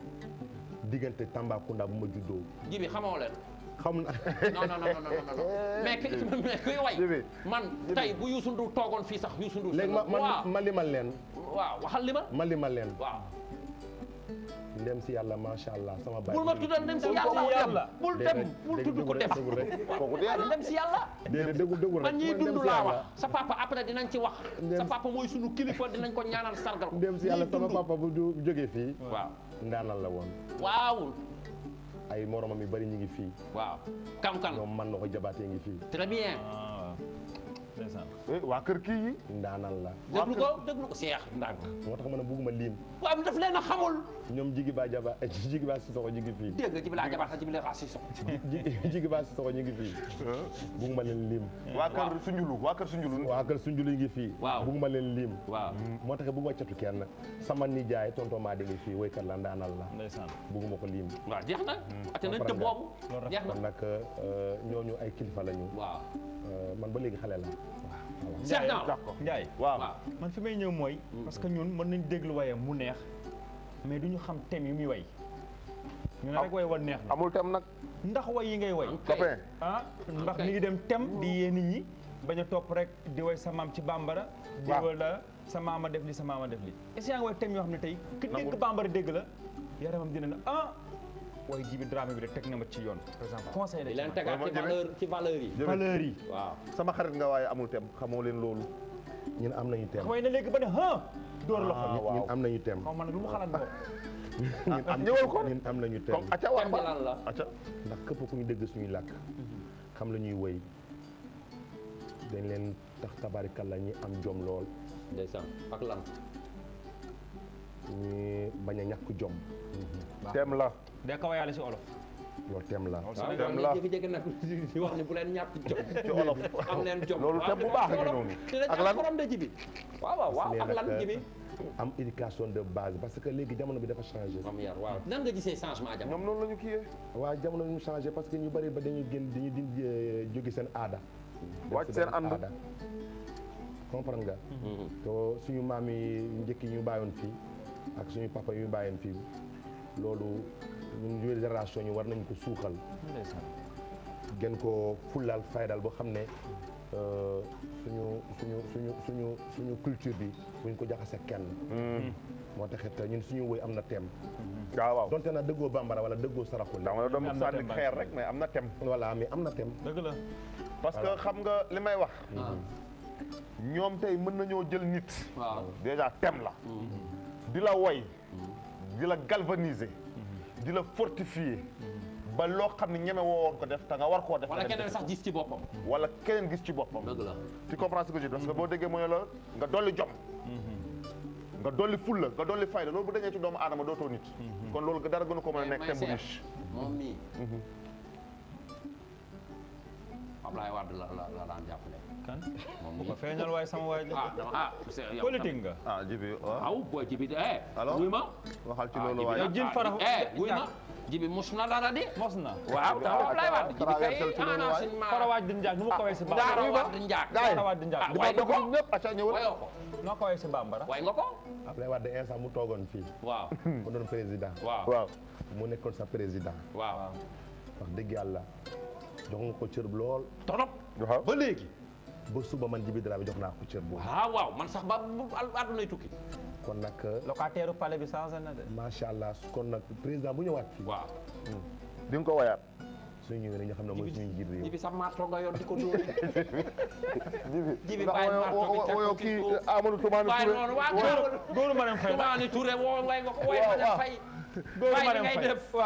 diggante Tambacounda bu ma juddoo ji xamoo leen xam na non non mais ki mais kuy man tey bu Youssou Ndour toogoon fii sax Youssou Ndour léegi ma ma limal leen waaw waxal limal ma leen waaw ndem si yàlla macha allah sama baay. bul ma tuddal ndem si yàlla bul dem bul tudd ko dem ndem si yàlla. déedéet dégul dégul rek man sa papa après dinañ ci wax. sa papa mooy sunu kilifa dinañ ko ñaanal sargal ko. ndem si yàlla sama papa bu jógee fii. waaw ndaanal la woon. waaw. ay moromam yu bari ñu ngi fii. waaw kam kan. ko ngi fii. Eh, waa kër kii yi ndaanal la déglu ko déglu ko seex ndànk moo tax ma ne bugguma liim waaw daf leen a xamul ñoom jigi ba jaba eh, jigi ba si soxo jigi fii dégg nga jibi laa jabar sax jibi laa si soxo jigi ba si soxo ñu ngi fii bugguma leen liim waa kër sunjulu waa kër sunjulu waa kër sunjulu ngi fii waaw bugguma leen liim waaw moo tax bugguma catu kenn sama nijaay tonton maa di ngi fii waykat la ndaanal la bugguma ko liim waaw jeex na ate nañ te boobu jeex na nag euh, ñooñu ay kilifa lañu waaw euh, man ba léegi xale la Cheikh Naar d'accord Ndiaye waaw man fi may ñëw mooy. Mm-hmm. parce que ñun mën nañ déglu wayam mu neex mais du ñu xam thème yi muy way. ñu ne rek way wa neex na amul tem nag. ndax way yi ngay way. ah ndax mi ngi dem tem mm-hmm. di yee nit ñi bañ a topp rek di way sa maam ci bambara. di wala sa maama def li sa maama def li. est-ce que yaa ngi way yoo xam ne tey. nangu ki dégg bambara dégg la yaramam dina ne ah. waaye jibi drame bi de teg na ma ci yoon par exemple conseil la leen tegaat ci valeur ci valeur yi valeur waaw sama xarit nga waaye amul tem xamoo leen loolu ñun am nañu tem xamay na léegi ba ne a ko ñun am nañu tem xaw ma ne lu mu xalaat bo ñëwal ko ñun am nañu tem aca la aca ndax këpp ku ñu dégg suñuy làkk xam la ñuy woy dañ leen tax tabarikalla ñu am jom lool ndeysaan ak lan ñi bañ a ñàkk jom tem la day kawayaale si olof. loolu thème la thème la jékki-jékki nag di wax ne bu leen ñàkk jom ci olof am leen jom loolu thème bu baax la noonu ak lan borom de ji bi waaw waaw waaw ak lan ji bi am éducation de base parce que léegi jamono bi dafa changé am yar waaw nan nga gisee changement jamono ñoom noonu la ñu kiiyee waaw jamono ñu changé parce que ñu bëri ba dañuy génn dañuy di jóge seen aada wàcc seen ànd comprendre nga te suñu maam yi njëkk yi ñu bàyyoon fii ak suñu papa yi ñu bàyyoon fii loolu ñun nouvelle génération ñu war nañ ko suuxal gën ko fullaal faydal boo xam ne euh, suñu suñu suñu suñu suñu culture bi buñ ko jaxase kenn hmm. moo taxit ñun suñu woy am na thème waaw ah, waaw donte na dëggoo bambara wala dëggoo saraxul ndax ma doon sànni xeer rek mais am na thème voilà mi am na thème parce que xam nga li may wax hmm. ah. ñoom tey mën nañoo jël nit déjà thème la hmm. di la woy di la galvaniser di la fortifier ba loo xam ne ñeme woo woon ko def te nga war koo def. wala keneen sax gis ci boppam. wala keneen gis ci boppam. dëgg la tu comprends ce que parce que boo déggee mooy la nga dolli jom. Mhm. nga dolli fulla nga dolli fayda loolu bu dañee ci doomu aadama dootoo nit. Mhm. kon loolu dara gënu ko mën a nekk thème bu riche. moom mii. Ablaye Wade la kan moom bu ko feeñal waaye sama waay ah politique nga ah jibi waaw boo jibi de eh alors wuy ma waxal oh, ci ah, loolu waaye jin farax eh wuy ma jibi mos na dara de mos na waaw taw lay waat jibi kay ana sin ma farawaaj di njaak nu mu ko way si ah, bambara darawaaj ah, di njaak darawaaj di njaak dama dog ñëpp acca ñëwul noo ko way si bambara way nga ko Abdoulaye Wade instant mu toogoon fii waaw mu doon président waaw mu nekkoon sa président waaw wax dëgg yàlla jox nga ko cër lool torop ba léegi ba suba man Djiby Dramé jox naa ko cër boobu. ah waaw man sax ba àddunay tukki. kon nag. Euh, locataire palais bi changé na de. macha allah kon nag président bu ñëwaat fii. waaw. Hmm. di nga ko woyaat. mooy suñu njiit réew. Djiby sax marto nga yor di ko dóor. Djiby Djiby bàyyi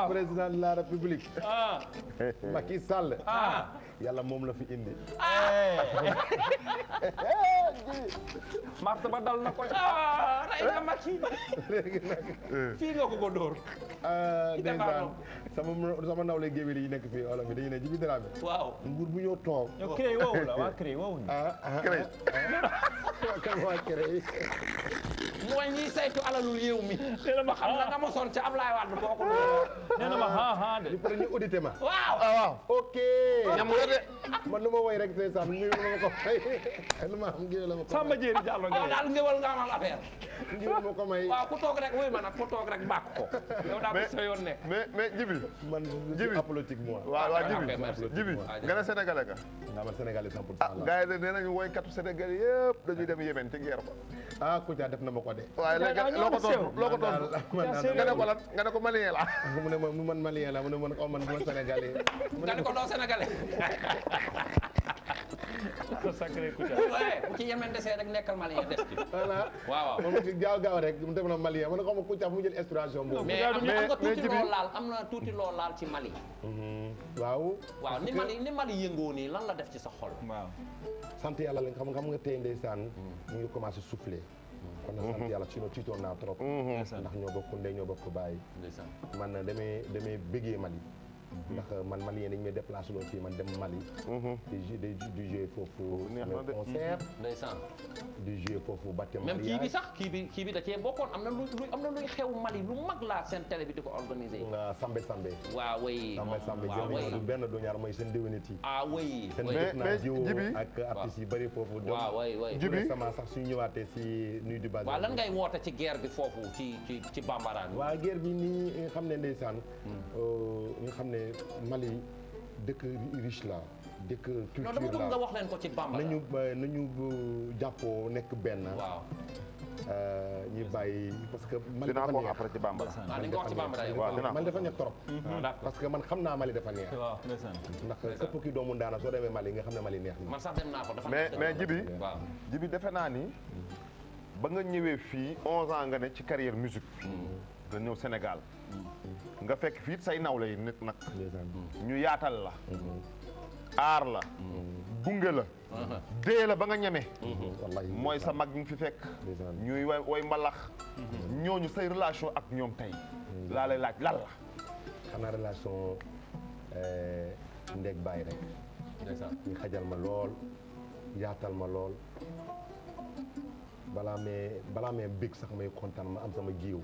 président de la république. ah Macky yàlla moom la fi indi. martaba dal na ko. ah rey na Macky. léegi nag. fii nga ko ah, sama sama nawle géwél yi nekk fii wala fi dañu ne Djiby Dramé. waaw nguur bu ñëw toog. ñoo créé la waa créé woowu. Ah, ah, ah créé. kan waa mi. nee na ma xam na mosoon ca Ablaye Wade boo ko. nee na ma ha ha de. il faut que ñu audité ma. waaw. ok. man lu ma woy rek ndeysaan mi la ma ko ma am géwél la ma ko Samba Jéeri Jàllo daal ngéwél ko may waaw ku toog rek wuy ko yow sa yoon ne mais mais Jibi man Jibi apolitique moi waaw waaw ah, Jibi Jibi nga ne sénégalais ka nga man sénégalais cent pour cent ah, gars yi de nee nañu woykatu sénégalais yëpp dañuy dem Yémen ci guerre ba ah def na ma ko de waaye léegi loo ko tontu loo ko tontu nga ne ko lan nga ne ko malien la mu ne man malien la mu ne oh, man ko man duma sénégalais mu ne ko doo sénégalais bu ci yemen desee rek nekkal malien des ci voilà waaw moom gaaw gaaw rek mu dem na malien man xaw ma Kouthia fu mu jël inspiration boobu mais am nga tuuti loo laal am na tuuti loo laal ci Mali waaw ni Mali yëngoo nii lan la def ci sa xol waaw sant yàlla lañ xam nga xam nga tey ndeysaan ñu ngi commencé mm. souffler kon mm. na sant yàlla mm-hmm. sinon tiitoon naa trop mm-hmm. ndax ñoo bokk ndey ñoo bokk bàyyi man na damay damay bëggee Mali ndax man Malien dañu may déplacé loo fii man dem Mali. Mhm. di di di jouer foofu. le concert mhm. di jouer foofu bâtiment. même kii bi sax kii bi kii bi da cee bokkoon am na lu am na luy xew Mali lu mag laa seen télé bi di ko organisé. Sambe Sambe. waaw oui Sambe Sambe jënd du benn du ah, ak artistes yi bëri foofu. waaw waay waay jibi récemment sax si nuyu du base. waaw lan ngay woote ci guerre bi foofu ci ci ci bambaraan. waaw guerre bi nii xam ne ndeysaan. Hmm. Euh, nga xam ne mais Mali dëkk riche la dëkk culture la non dama nga wax leen ko ci nañu euh, euh, jàppoo nekk benn. waaw. Euh, ñu bàyyi parce que. man dafa neex après ci bambara. Ah, man dafa neex trop. Mhm. parce que man xam naa Mali dafa neex. ndax képp ki doomu daana soo demee Mali nga xam ne Mali neex na. man sax dem naa ko dafa mais mais Jibi. Jibi defe naa ni. ba nga ñëwee fii 11 ans nga ne ci carrière musique. Mhm. nga ñëw Sénégal. Mhm. nga fekk fii say nawle yi nit nag ñu yaatal la mm-hmm. aar la gunge mm-hmm. la uh-huh. dee la ba nga ñeme mm-hmm. mooy sa mag ñu fi fekk ñuy way way mbalax ñooñu say relation ak ñoom tey laa lay laaj lan la xanaa relation eh, ndeeg bàyyi rek ñu xajal ma lool yaatal ma lool balaa mee balaa mee bég sax may kontaan ma am sama géew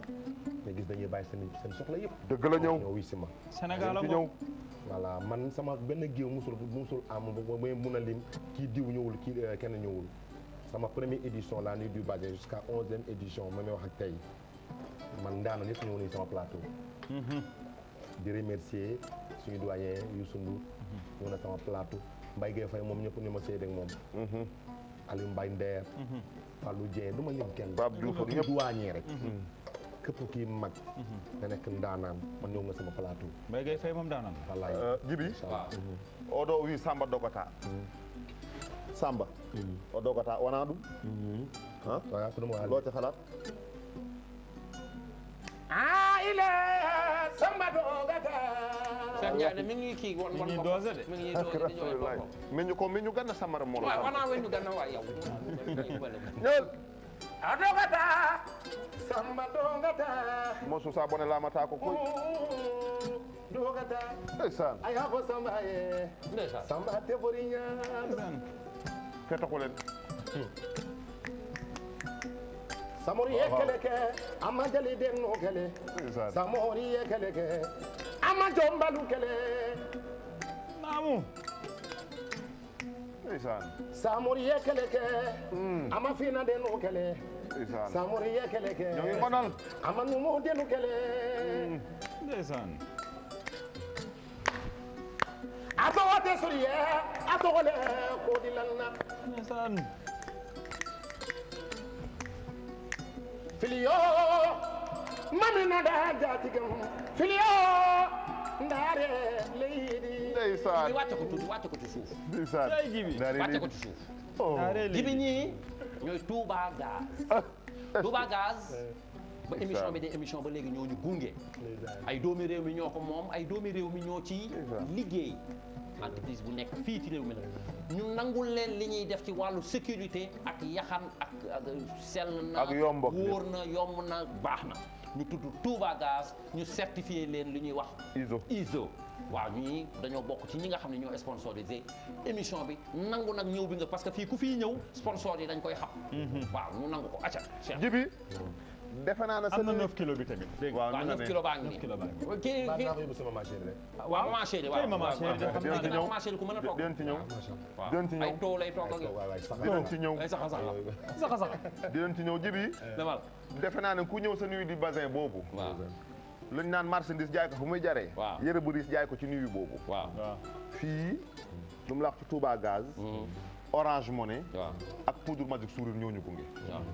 te gis dañuy bàyyi seen seen soxla yëpp. dëgg la ñëw ñëw si ma. Sénégal la ñëw. voilà man sama benn géew musul musul am ba may mun a lim kii diw ñëwul kii euh, kenn ñëwul sama première édition la nuit du Badja jusqu'à onzième édition ma may wax ak tey man ndaana ñëpp ñëw nañu sama mhm. di remercier suñu doyen Youssou Ndour. Mhm. ñëw na sama plateau Mbaye moom ñëpp ni ma seede ak moom. Mhm. Aliou Mbaye Fallou Dieng du ma lim kenn. Pape Diouf ak ñëpp waañee rek. Mm-hmm. képp kii mag. Mm-hmm. nga nekk ndaanaan man ñëw nga sama plateau. mais ngay fay moom ndaanaan. wallaay euh, mm-hmm. odo wi Samba Dogota. Samba. o Dogota wanaadu. ah loo xalaat. Ndiaye de mi ngi kii wan wan boppam mi ngi doose de. mi ngi ko mi ñu ganna samara moo la. waaw xanaa mi ñu ganna waay yow. ñëw. a dogata samba dogata. mosu saa bone laamata ko koy. dogata. ndeysaan. ay hafo samba ye. ndeysaan samba te bori ñaan. fete ko leen. samori ye kele ke a ma jali den noo kele. samori ye kele ke. ama jombalu kele naamu ndeysaan saamori ye kele ke hmm. ama fina denu kele ndeysaan saamori ye kele ke ñoo ngi ngonal ama numu denu kele ndeysaan hmm. a tɔgɔte suri ye a tɔgɔlɛ kodilanna ndeysaan filiyo mamina da jatigɛmu filiyoo ndaare leydi ndeysaan wàcce ko tuuti wàcce ko ci suuf ndeysaan jibi wàcce ko ci suuf jibi ñii ñooy Touba Gaz ah. Touba Gaz ba émission bi de émission ba léegi ñoo ñu gunge ay doomi réew mi ñoo ko moom ay doomi réew mi ñoo ci liggéey entreprise bu nekk fii ci réew mi la ñu nangul leen li ñuy def ci wàllu sécurité ak yaxan ak sel na wóor na yomb na baax na ñu tudd Touba Gaz ñu certifié leen li ñuy wax ISO ISO waaw ñu ñii dañoo bokk ci ñi nga xam ne ñoo sponsorisé émission bi nangu nag ñëw bi nga parce que fii ku fii ñëw sponsor yi dañ koy xam mhm. waaw ñu nangu ko acca jibi defe naa ne. am na 9 kilos bi tamit. dégg nga waaw 9 kilos baa ngi nii 9 kilos baa ngi nii. kii kii maanaam sama maman chérie rek. waaw maman chérie waaw maman chérie xam naa ne maman chérie ku mën a togg. doon ci ñëw doon ci ñëw ay toow lay togg ak yow. doon ci ñëw ay saxa saxa saxa saxa. doon ci ñëw jibi. demal defe naa ne ku ñëw sa nuyu di basin boobu. waaw lu ñu naan marchandise jaay ko fu muy jaree. waaw yëre bu riis jaay ko ci nuyu boobu. waaw fii lu mu la wax ci Touba gaz. Mm-hmm. Orange Money. ak poudre magique sourire ñooñu gunge.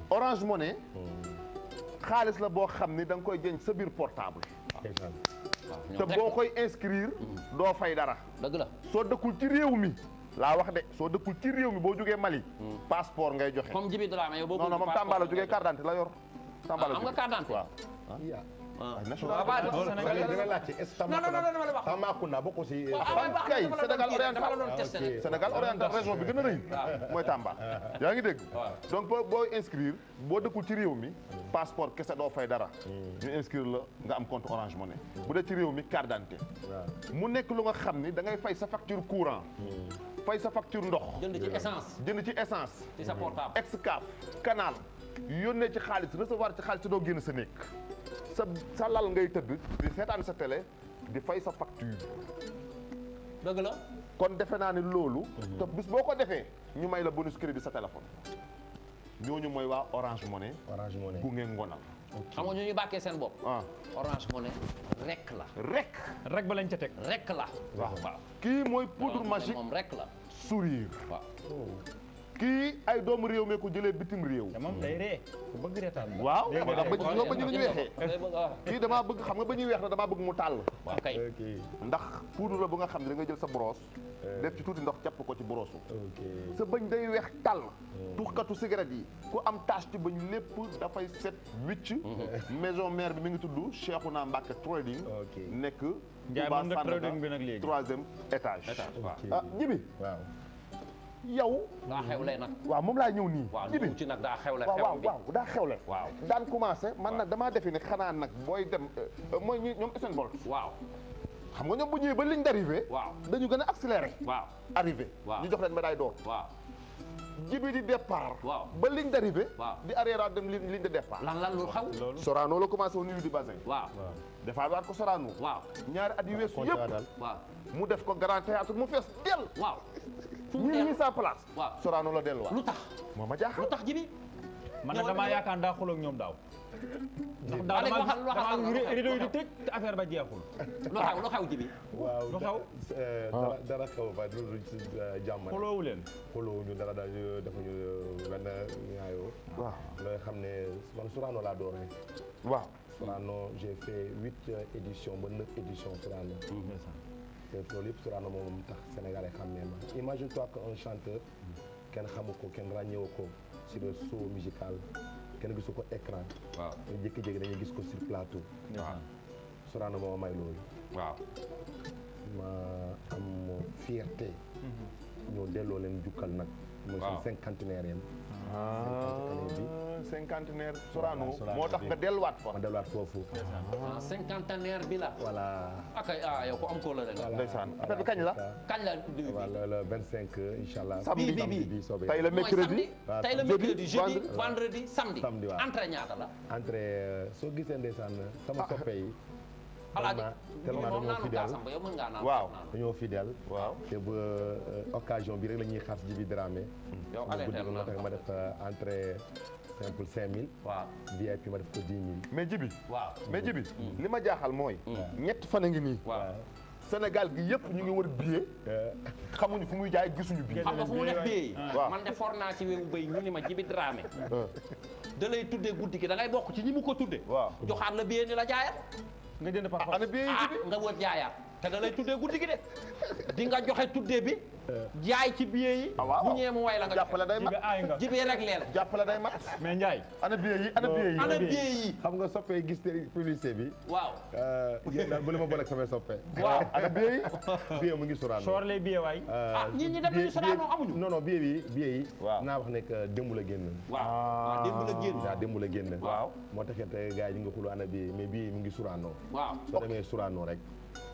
Orange Money. Mm-hmm. xaalis la boo xam ni da nga koy jëñ sa biir portable te boo koy inscrire doo fay dara dëgg la soo dëkkul ci réew mi laa wax de soo dëkkul ci réew mi boo jugee Mali hmm. passeport ngay joxe comme Djiby boo non non moom Tamba la jógee carte d'identité la yor Tamba a ah, jógee nga carte d'identité Tambacounda bokk ba kay Sénégal oriental Sénégal oriental région bi gën a rëy mooy Tamba yaa ngi dégg donc boo inscrire boo dëkkul ci réew mi passeport kese doo fay dara ñu inscrire la nga am compte Orange Money bu dee ci réew mi carte d'identité mu nekk lu nga xam ni dangay ngay fay sa facture courant fay sa facture ndox jënd ci essence jënd ci essence ci sa canal yónnee ci xaalis recevoir ci xaalis te doo génn sa néeg sa sa lal ngay tëdd di seetaan sa télé di fay sa facture. dëgg la. kon defe naa ne loolu. Mhm. te bis boo ko defee ñu may la bonus crédit sa téléphone. ñooñu mooy waa Orange Money. Orange Money gunge ngonal. xam nga ñu ñu bàkkee seen bopp. Ah. Orange Money rek la. rek rek ba lañ ca teg. rek la. waaw waaw kii mooy poudre magique moom rek la. sourire waaw. Oh. kii ay doomu réew mee ko jëlee bitim réew. te moom day waaw dama bëgg ba ñu ñu weexee damaa bëgg xam nga ba ñuy weex na damaa bëgg mu tàll kay ndax poudre la bu nga xam ne da nga jël sa brosse euh. def ci tuuti ndox capp ko ci brosse sa bëñ day weex tàll euh. katu cigarette yi ku am tache ci bañ lépp dafay set wicc maison mère bi mi ngi tudd Cheikhouna Mbacké Trading nekk Touba Sandaga troisième étage ah jibi waaw yow. daa xewle nag. waaw moom laa ñëw nii. waaw ci nag daa xewle xew waaw waaw daa xewle. waaw daan commencé man nag damaa defi ne xanaa nag booy dem euh, mooy ñoom Usain Bolt. waaw. xam nga ñoom bu ñëwee ba ligne d'arrivée. waaw dañu gën a accéléré. waaw arrivé. waaw ñu jox leen médaille d'or. waaw. jibi di départ. waaw ba ligne d'arrivée. waaw di arrière dem ligne de départ. lan lan lu xaw loolu. Sorano la commencé woon di bassin. waaw dafa waat ko Sorano. ñaari at yu weesu yëpp. waaw mu def ko grand théâtre mu fees del. waaw. fu mu neex 800000 lu tax moo ma jaaxal lu tax ji man nag damaa yaakaar daa xuloo ñoom daaw. ndax daaw damaa damaa rideau yi di tëj te affaire ba jeexul. lu xaw lu xaw ji bi. waaw lu xaw eh, ah. dara dara ba eh, jàmm. xuloowu leen. xuloowu dara daal eh, defuñu benn ñaayoo. waaw looy xam ne man laa dooree. waaw Sorano j'ai fait huit éditions ba neuf éditions Sorano. Mm-hmm. te loolu yëpp Sorano moom tax sénégalais xam ne ma imagine toi que chanteur kenn xamu ko kenn ràññewu ko sur le show musical kenn gisu ko écran waaw ñu jékki dañuy gis ko sur plateau waaw Sorano moo may loolu waaw ma am fierté mhm. ñoo delloo leen jukkal nag mooy suñu cinquantenaire yam ah, soo Sorano moo tax nga delluwaat foofu ah, cinquantenaire bi la voilà akay ah yow ko am ko la rek ndeysaan bi kañ la kañ la vingt cinq inchallah samedi bi tey la mercredi tey la mercredi jeudi vendredi ñaata la entrée euh, soo gisee ndeysaan sama ah. soppe alaaji tellement dañoo fidèle waaw dañoo fidèle waaw te ba euh, occasion bi rek la ñuy xas ji bi dramé yow guddi moo tax ma def euh, entrée simple cinq mille waaw VIP ma def ko dix mille mais jibi waaw mais jibi mm. mm. li ma jaaxal mooy mm. ñett fan a ngi nii Sénégal gi yëpp ñu ngi wër billet euh. xamuñu fu muy jaay gisuñu billet xam nga fu mu nekk billet yi man de for naa ci wewu béy ñu ni ma jibi dramé da lay tuddee guddi gi da ngay bokk ci ñi mu ko tudde joxaat la billet ni la jaayal nga jënd par force ah, ah, nga wër jaayaat. te da lay tuddee guddi gi de di nga joxe tuddee bi jaay ci billet yi ah, bu ñëwee mu way la nga jàppale day rek leen jàppale day mat mais Ndiaye ana billet xam nga soppee gis te bi waaw euh, yéen daal mu ngi suraano soor waay euh, ah, bi billet yi waaw naa wax ne que démb la génn waaw ah. la génn waaw moo taxit ñu nga xulu ana ngi suraano waaw soo demee suraano rek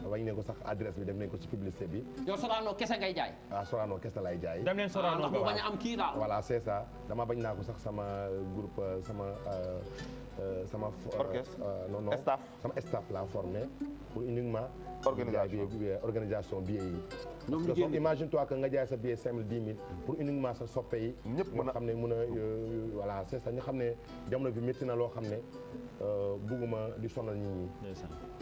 wañ nañ ko sax adresse bi dem nañ ko ci publicité bi. yow Sorano kese ngay jaay. ah kese lay jaay. dem nañ Sorano ah, ndax mu bañ a am kii daal. voilà c'est ça dama bañ naa ko sax sama groupe euh, sama euh, euh, sama. orchestre non non staff sama staff laa formé pour uniquement. organisation bi organisation billet yi. ñoom ñu génn imagine toi que nga jaay sa billet 5000 10 000 pour uniquement sa soppe yi. ñëpp mën a xam ne mën a euh, euh, voilà c'est ça ñu xam ne jamono bi métti na loo xam ne euh, bugguma di sonal nit ñi.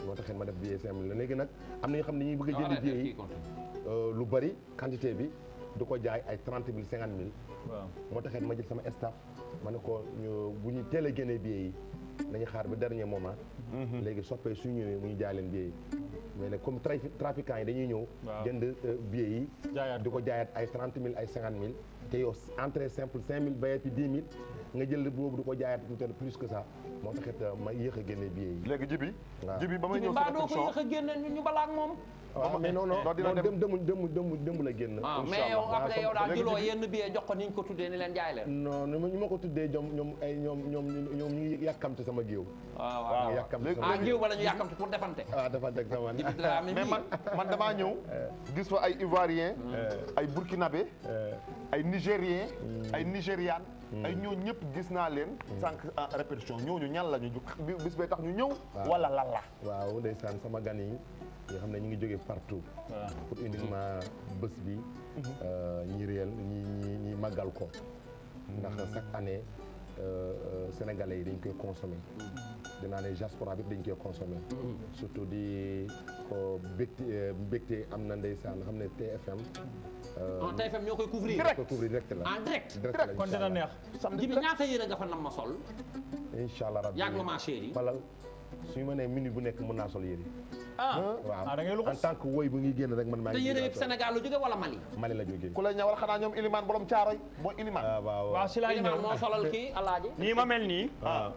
moo taxit ma def bi 5000 la léegi nag am na xam ne ñuy bëgg a lu bari quantité bi du ko jaay ay 30 000 50 moo taxit ma jël sama staff ma ne ko bu ñu teel a génnee bi yi. nañu xaar ba dernier moment. Mhm. léegi soppee su ñëwee mu ñu jaay leen billet yi. mais comme trafiquants yi dañuy ñëw. jënd euh, billet yi. di ko jaayaat ay trente mille ay cinquante mille. te yow entrée simple cinq mille VIP dix mille nga jël boobu du ko jaayaat lu teel plus que ça moo taxit euh, ma yéex génne bi yi. léegi jibi jibi ba may ñëw sa a génne ñu moom. waaw ah, mais non non eh, dem demul demul demul demul la génn. Ah, incha allah mais yow après yenn billet jox ko ni ñu ko tuddee ni leen jaay leen. non ni ma ma ko tuddee ñoom ñoom ay ñoom ñoom ñoom ñu yàkkamti sama géew. waaw waaw yàkkamti sama géew ah géew ba la ñu yàkkamti pour defante. waaw ah, defante ak sama mais man man damaa ñëw. Eh. gis fa ay Ivoirien. Eh. ay Burkinabé. ay Nigérien. Hmm. ay Nigériane. Mm. ay ñooñu ñëpp gis naa leen mm. sànq ah, répétition ñooñu ñan la ñu bis bay tax ñu ñëw wala lan la waaw ndeysaan sama gan yi nga xam ne ñu ngi jóge partout pour uniquement mm-hmm. bës bi euh, ñi réel ñi ñi ñi màggal ko mm-hmm. ndax chaque année euh, euh, sénégalais yi dañ koy consommer mm-hmm. dinaa ne diaspora bi dañ koy consommer surtout di ko bégte bégte am na ndeysaan nga xam ne TFM en euh, TFM ñoo koy couvrir. direct en direct. direct kon dina neex. samedi bi ñaata yére nga fa nam ma sol. incha allah rabbi yàgg ma chéri yi. falal su ñu mënee minute bu nekk mën naa sol yére. Ah. ah waaw da ngay luxus en tant que woy bu ngi génn rek man maa ngi. te yére yëpp Sénégal la jógee wala Mali. Mali la jógee. ku la ñawal xanaa ñoom Ilimane borom Caaroy boo Ilimane. Ah, waaw waaw waaw si laay ñëw Ilimane moo solal kii Alaaji. nii ma mel nii. waaw ah.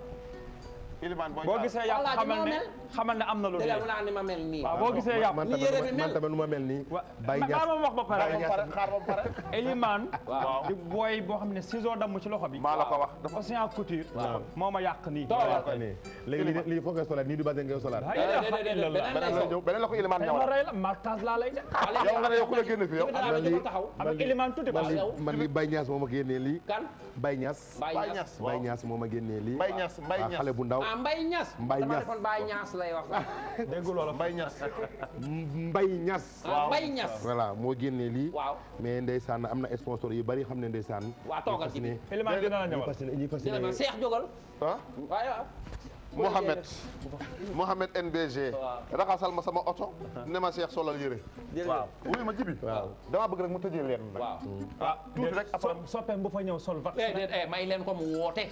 Ilimane boo gisee yàq xamal ne xamal ne am na lu ne ni ma mel nii. waaw boo gisee yàq man tamit nu ma mel nii. Baye Niass ma wax ba pare xaar ba pare. Ilimane. waaw di booy boo xam ne ciseau damm ci loxo bi. maa la ko wax dafa Océan Couture. waaw moo ma yàq nii. toogal ko nii léegi lii lii foog nga solaat nii du basé nga solaat. beneen la ko Ilimane ñëw la martage laa lay def. yow nga ne yow ku la génne fi yow. avec Ilimane tuuti ba yow man li Baye Niass moo ma génnee lii. kan Baye Niass. Baye Niass moo ma génnee lii. Baye Niass Baye ah, Niass xale bu ndaw ah Mbaye Niass. Mbaye Niass dama lay wax. dégg loola Mbaye Niass. Mbaye Niass. waaw Mbaye Niass. voilà moo génnee lii. waaw mais ndeysaan am na sponsor yu bari xam ne ndeysaan. waa toogal ci bi. élément dina la ñëwal ñu jógal. Mohamed Mohamed NBG. raxasal ma sama oto. ne ma seex solal yëre. waaw wuyu ma jibi waaw damaa bëgg rek mu tëjee leen. waaw ah, ah tuuti rek après soppeem bu fa ñëw sol vax. Eh, eh, may leen ko mu woote.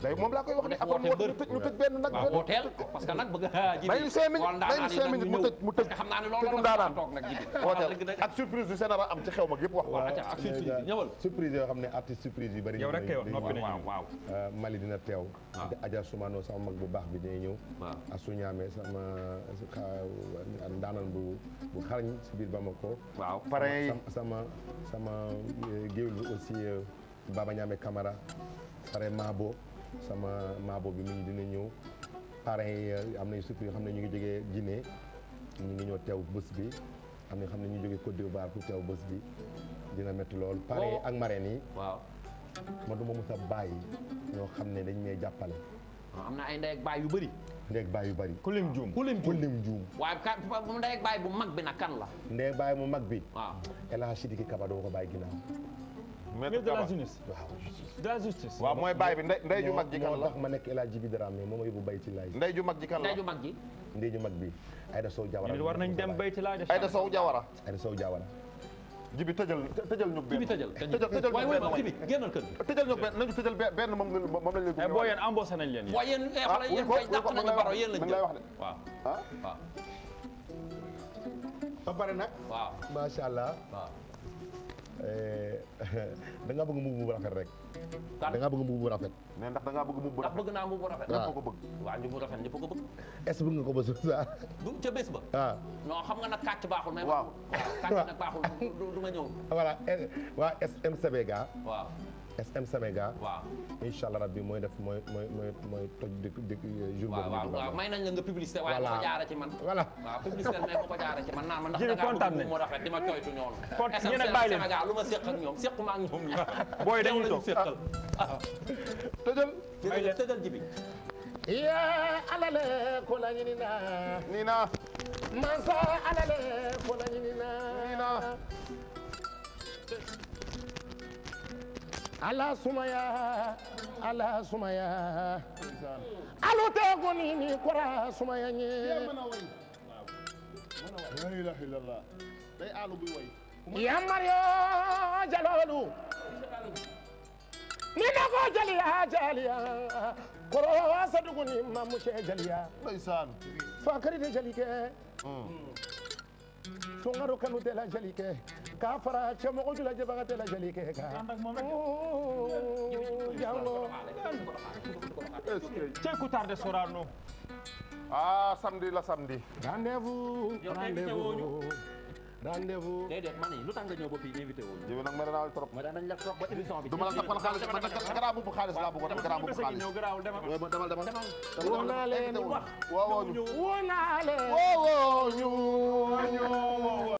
day moom laa koy wax ne après mu woote ñu tëj ñu tëj benn nag. waaw wooteel parce que nag bëgg a jibi. may cinq minutes may cinq minutes mu tëj mu tëj. xam naa ne loolu la la toog nag jibi wooteel ak surprise du Sénégal am ci xew ma yëpp wax. waaw ak surprise ñëwal. surprise yoo xam ne artiste surprise yi bari. yow rek kay wax noppi nañu waaw euh, Mali dina teew. Adja Soumano sama mag bu baax bi dina ñëw ak su ñaamee sama ndaanaan bu bu xarañ si biir Bamako waaw pare sama sama eh, géwél bi aussi euh, Baba Ñaame Camara pare Maabo sama Maabo bi mu ngi dina ñëw parrain yi euh, am nañu surtout yoo xam ne ñu ngi jógee Guinée ñu ngi ñëw teew bës bi am na xam ne ñu jógee Côte d'Ivoire pour teew bés bi dina métti lool. parrain ak marraine yi. ma du ma mës a bàyyi ñoo xam ne dañ may jàppale. am na ay ndey ak baay yu bëri. ndey ak baay yu bëri. ku lim juum ku lim juum ku lim juum. waaye ka ndey ak baay bu mag bi nag kan la. ndey ak baay bu mag bi. waaw El Hadj Sidiki Kaba doo ko bàyyi ginnaaw. maître de la justice waaw de la justice. waaw mooy baay bi ndey ndey ju mag ji kan la moo tax ma nekk El Hadj bi dara mais moom mooy bu bay ci laay. ndey ju mag ji kan la ndey ju mag ji. ndey ju mag bi Aïda Sow Diawara. war nañ dem bay ci laay de. Aïda Sow Diawara. Aïda Sow Diawara. jibi tëjal tëjal ñu benn jibi tëjal tëjal waaye waaye jibi génnal kër gi tëjal ñu benn nañu tëjal benn moom moom lañ lay eh, boo yéen embauché nañ leen waaye yéen eh, xale yéen kay dàq nañu baro yéen lañ lay wax de waaw ah waaw ba pare nag waaw macha allah waaw Eh, da ngaa bëgg mbubu bu rafet rek. da ngaa bëgg mbubu bu rafet. mais ndax da ngaa bëgg mbubu bu rafet ndax bëgg naa mbubu bu rafet. waaw ko bëgg. waaw mbubu bu rafet ñëpp ko bëgg. est ce bëgg nga ko ba suuf saa. du ca bés ba. waaw ah. non xam nga nag kàcc baaxul. mais waaw kàcc nag baaxul du ma ñëw. voilà waa SMCB ga. waaw. SM Sénégal. waaw incha allah rabbi mooy def mooy mooy mooy mooy toj dëkk dëkk euh, jour boobu. waaw waaw may nañ la nga publicité waaye bu ko jaara ci man. voilà waaw publicité may bu ko jaara ci man. naan man ndax da ngaa bëgg moo rafet di ma coytu ñoonu. SM Sénégal lu ma séq ak ñoom séquma ak ñoom ñi. booy dañuy toog séqal. tëjal tëjal jibi. yaa alale ko la ñu ni naa. ni naa. Mansa alale ko la ñu ni naa. ni naa. ala sumaya ala sumaya alu tegoni ni kora sumaya ñe la ilaha illallah day alu bi way yamar yo jaloolu ni na ko jaliya jaliya koro wa saduguni mamu ce jaliya ndeysaan fa kari de jalike mm. to ngaro kanu tela jali ke ka fara cemo ko jula jebaga tela jali ke ga jango oh, ce ku tarde sorano ah samedi la samedi rendez rendez-vous déedéet man yi lu tax nga ñëw ba nag ma danaa trop ma dañ la trop ba émission bi du ma la tapal xaalis man garab bu xaalis laa bu xaalis demal demal demal woo naa leen wax woo woo ñu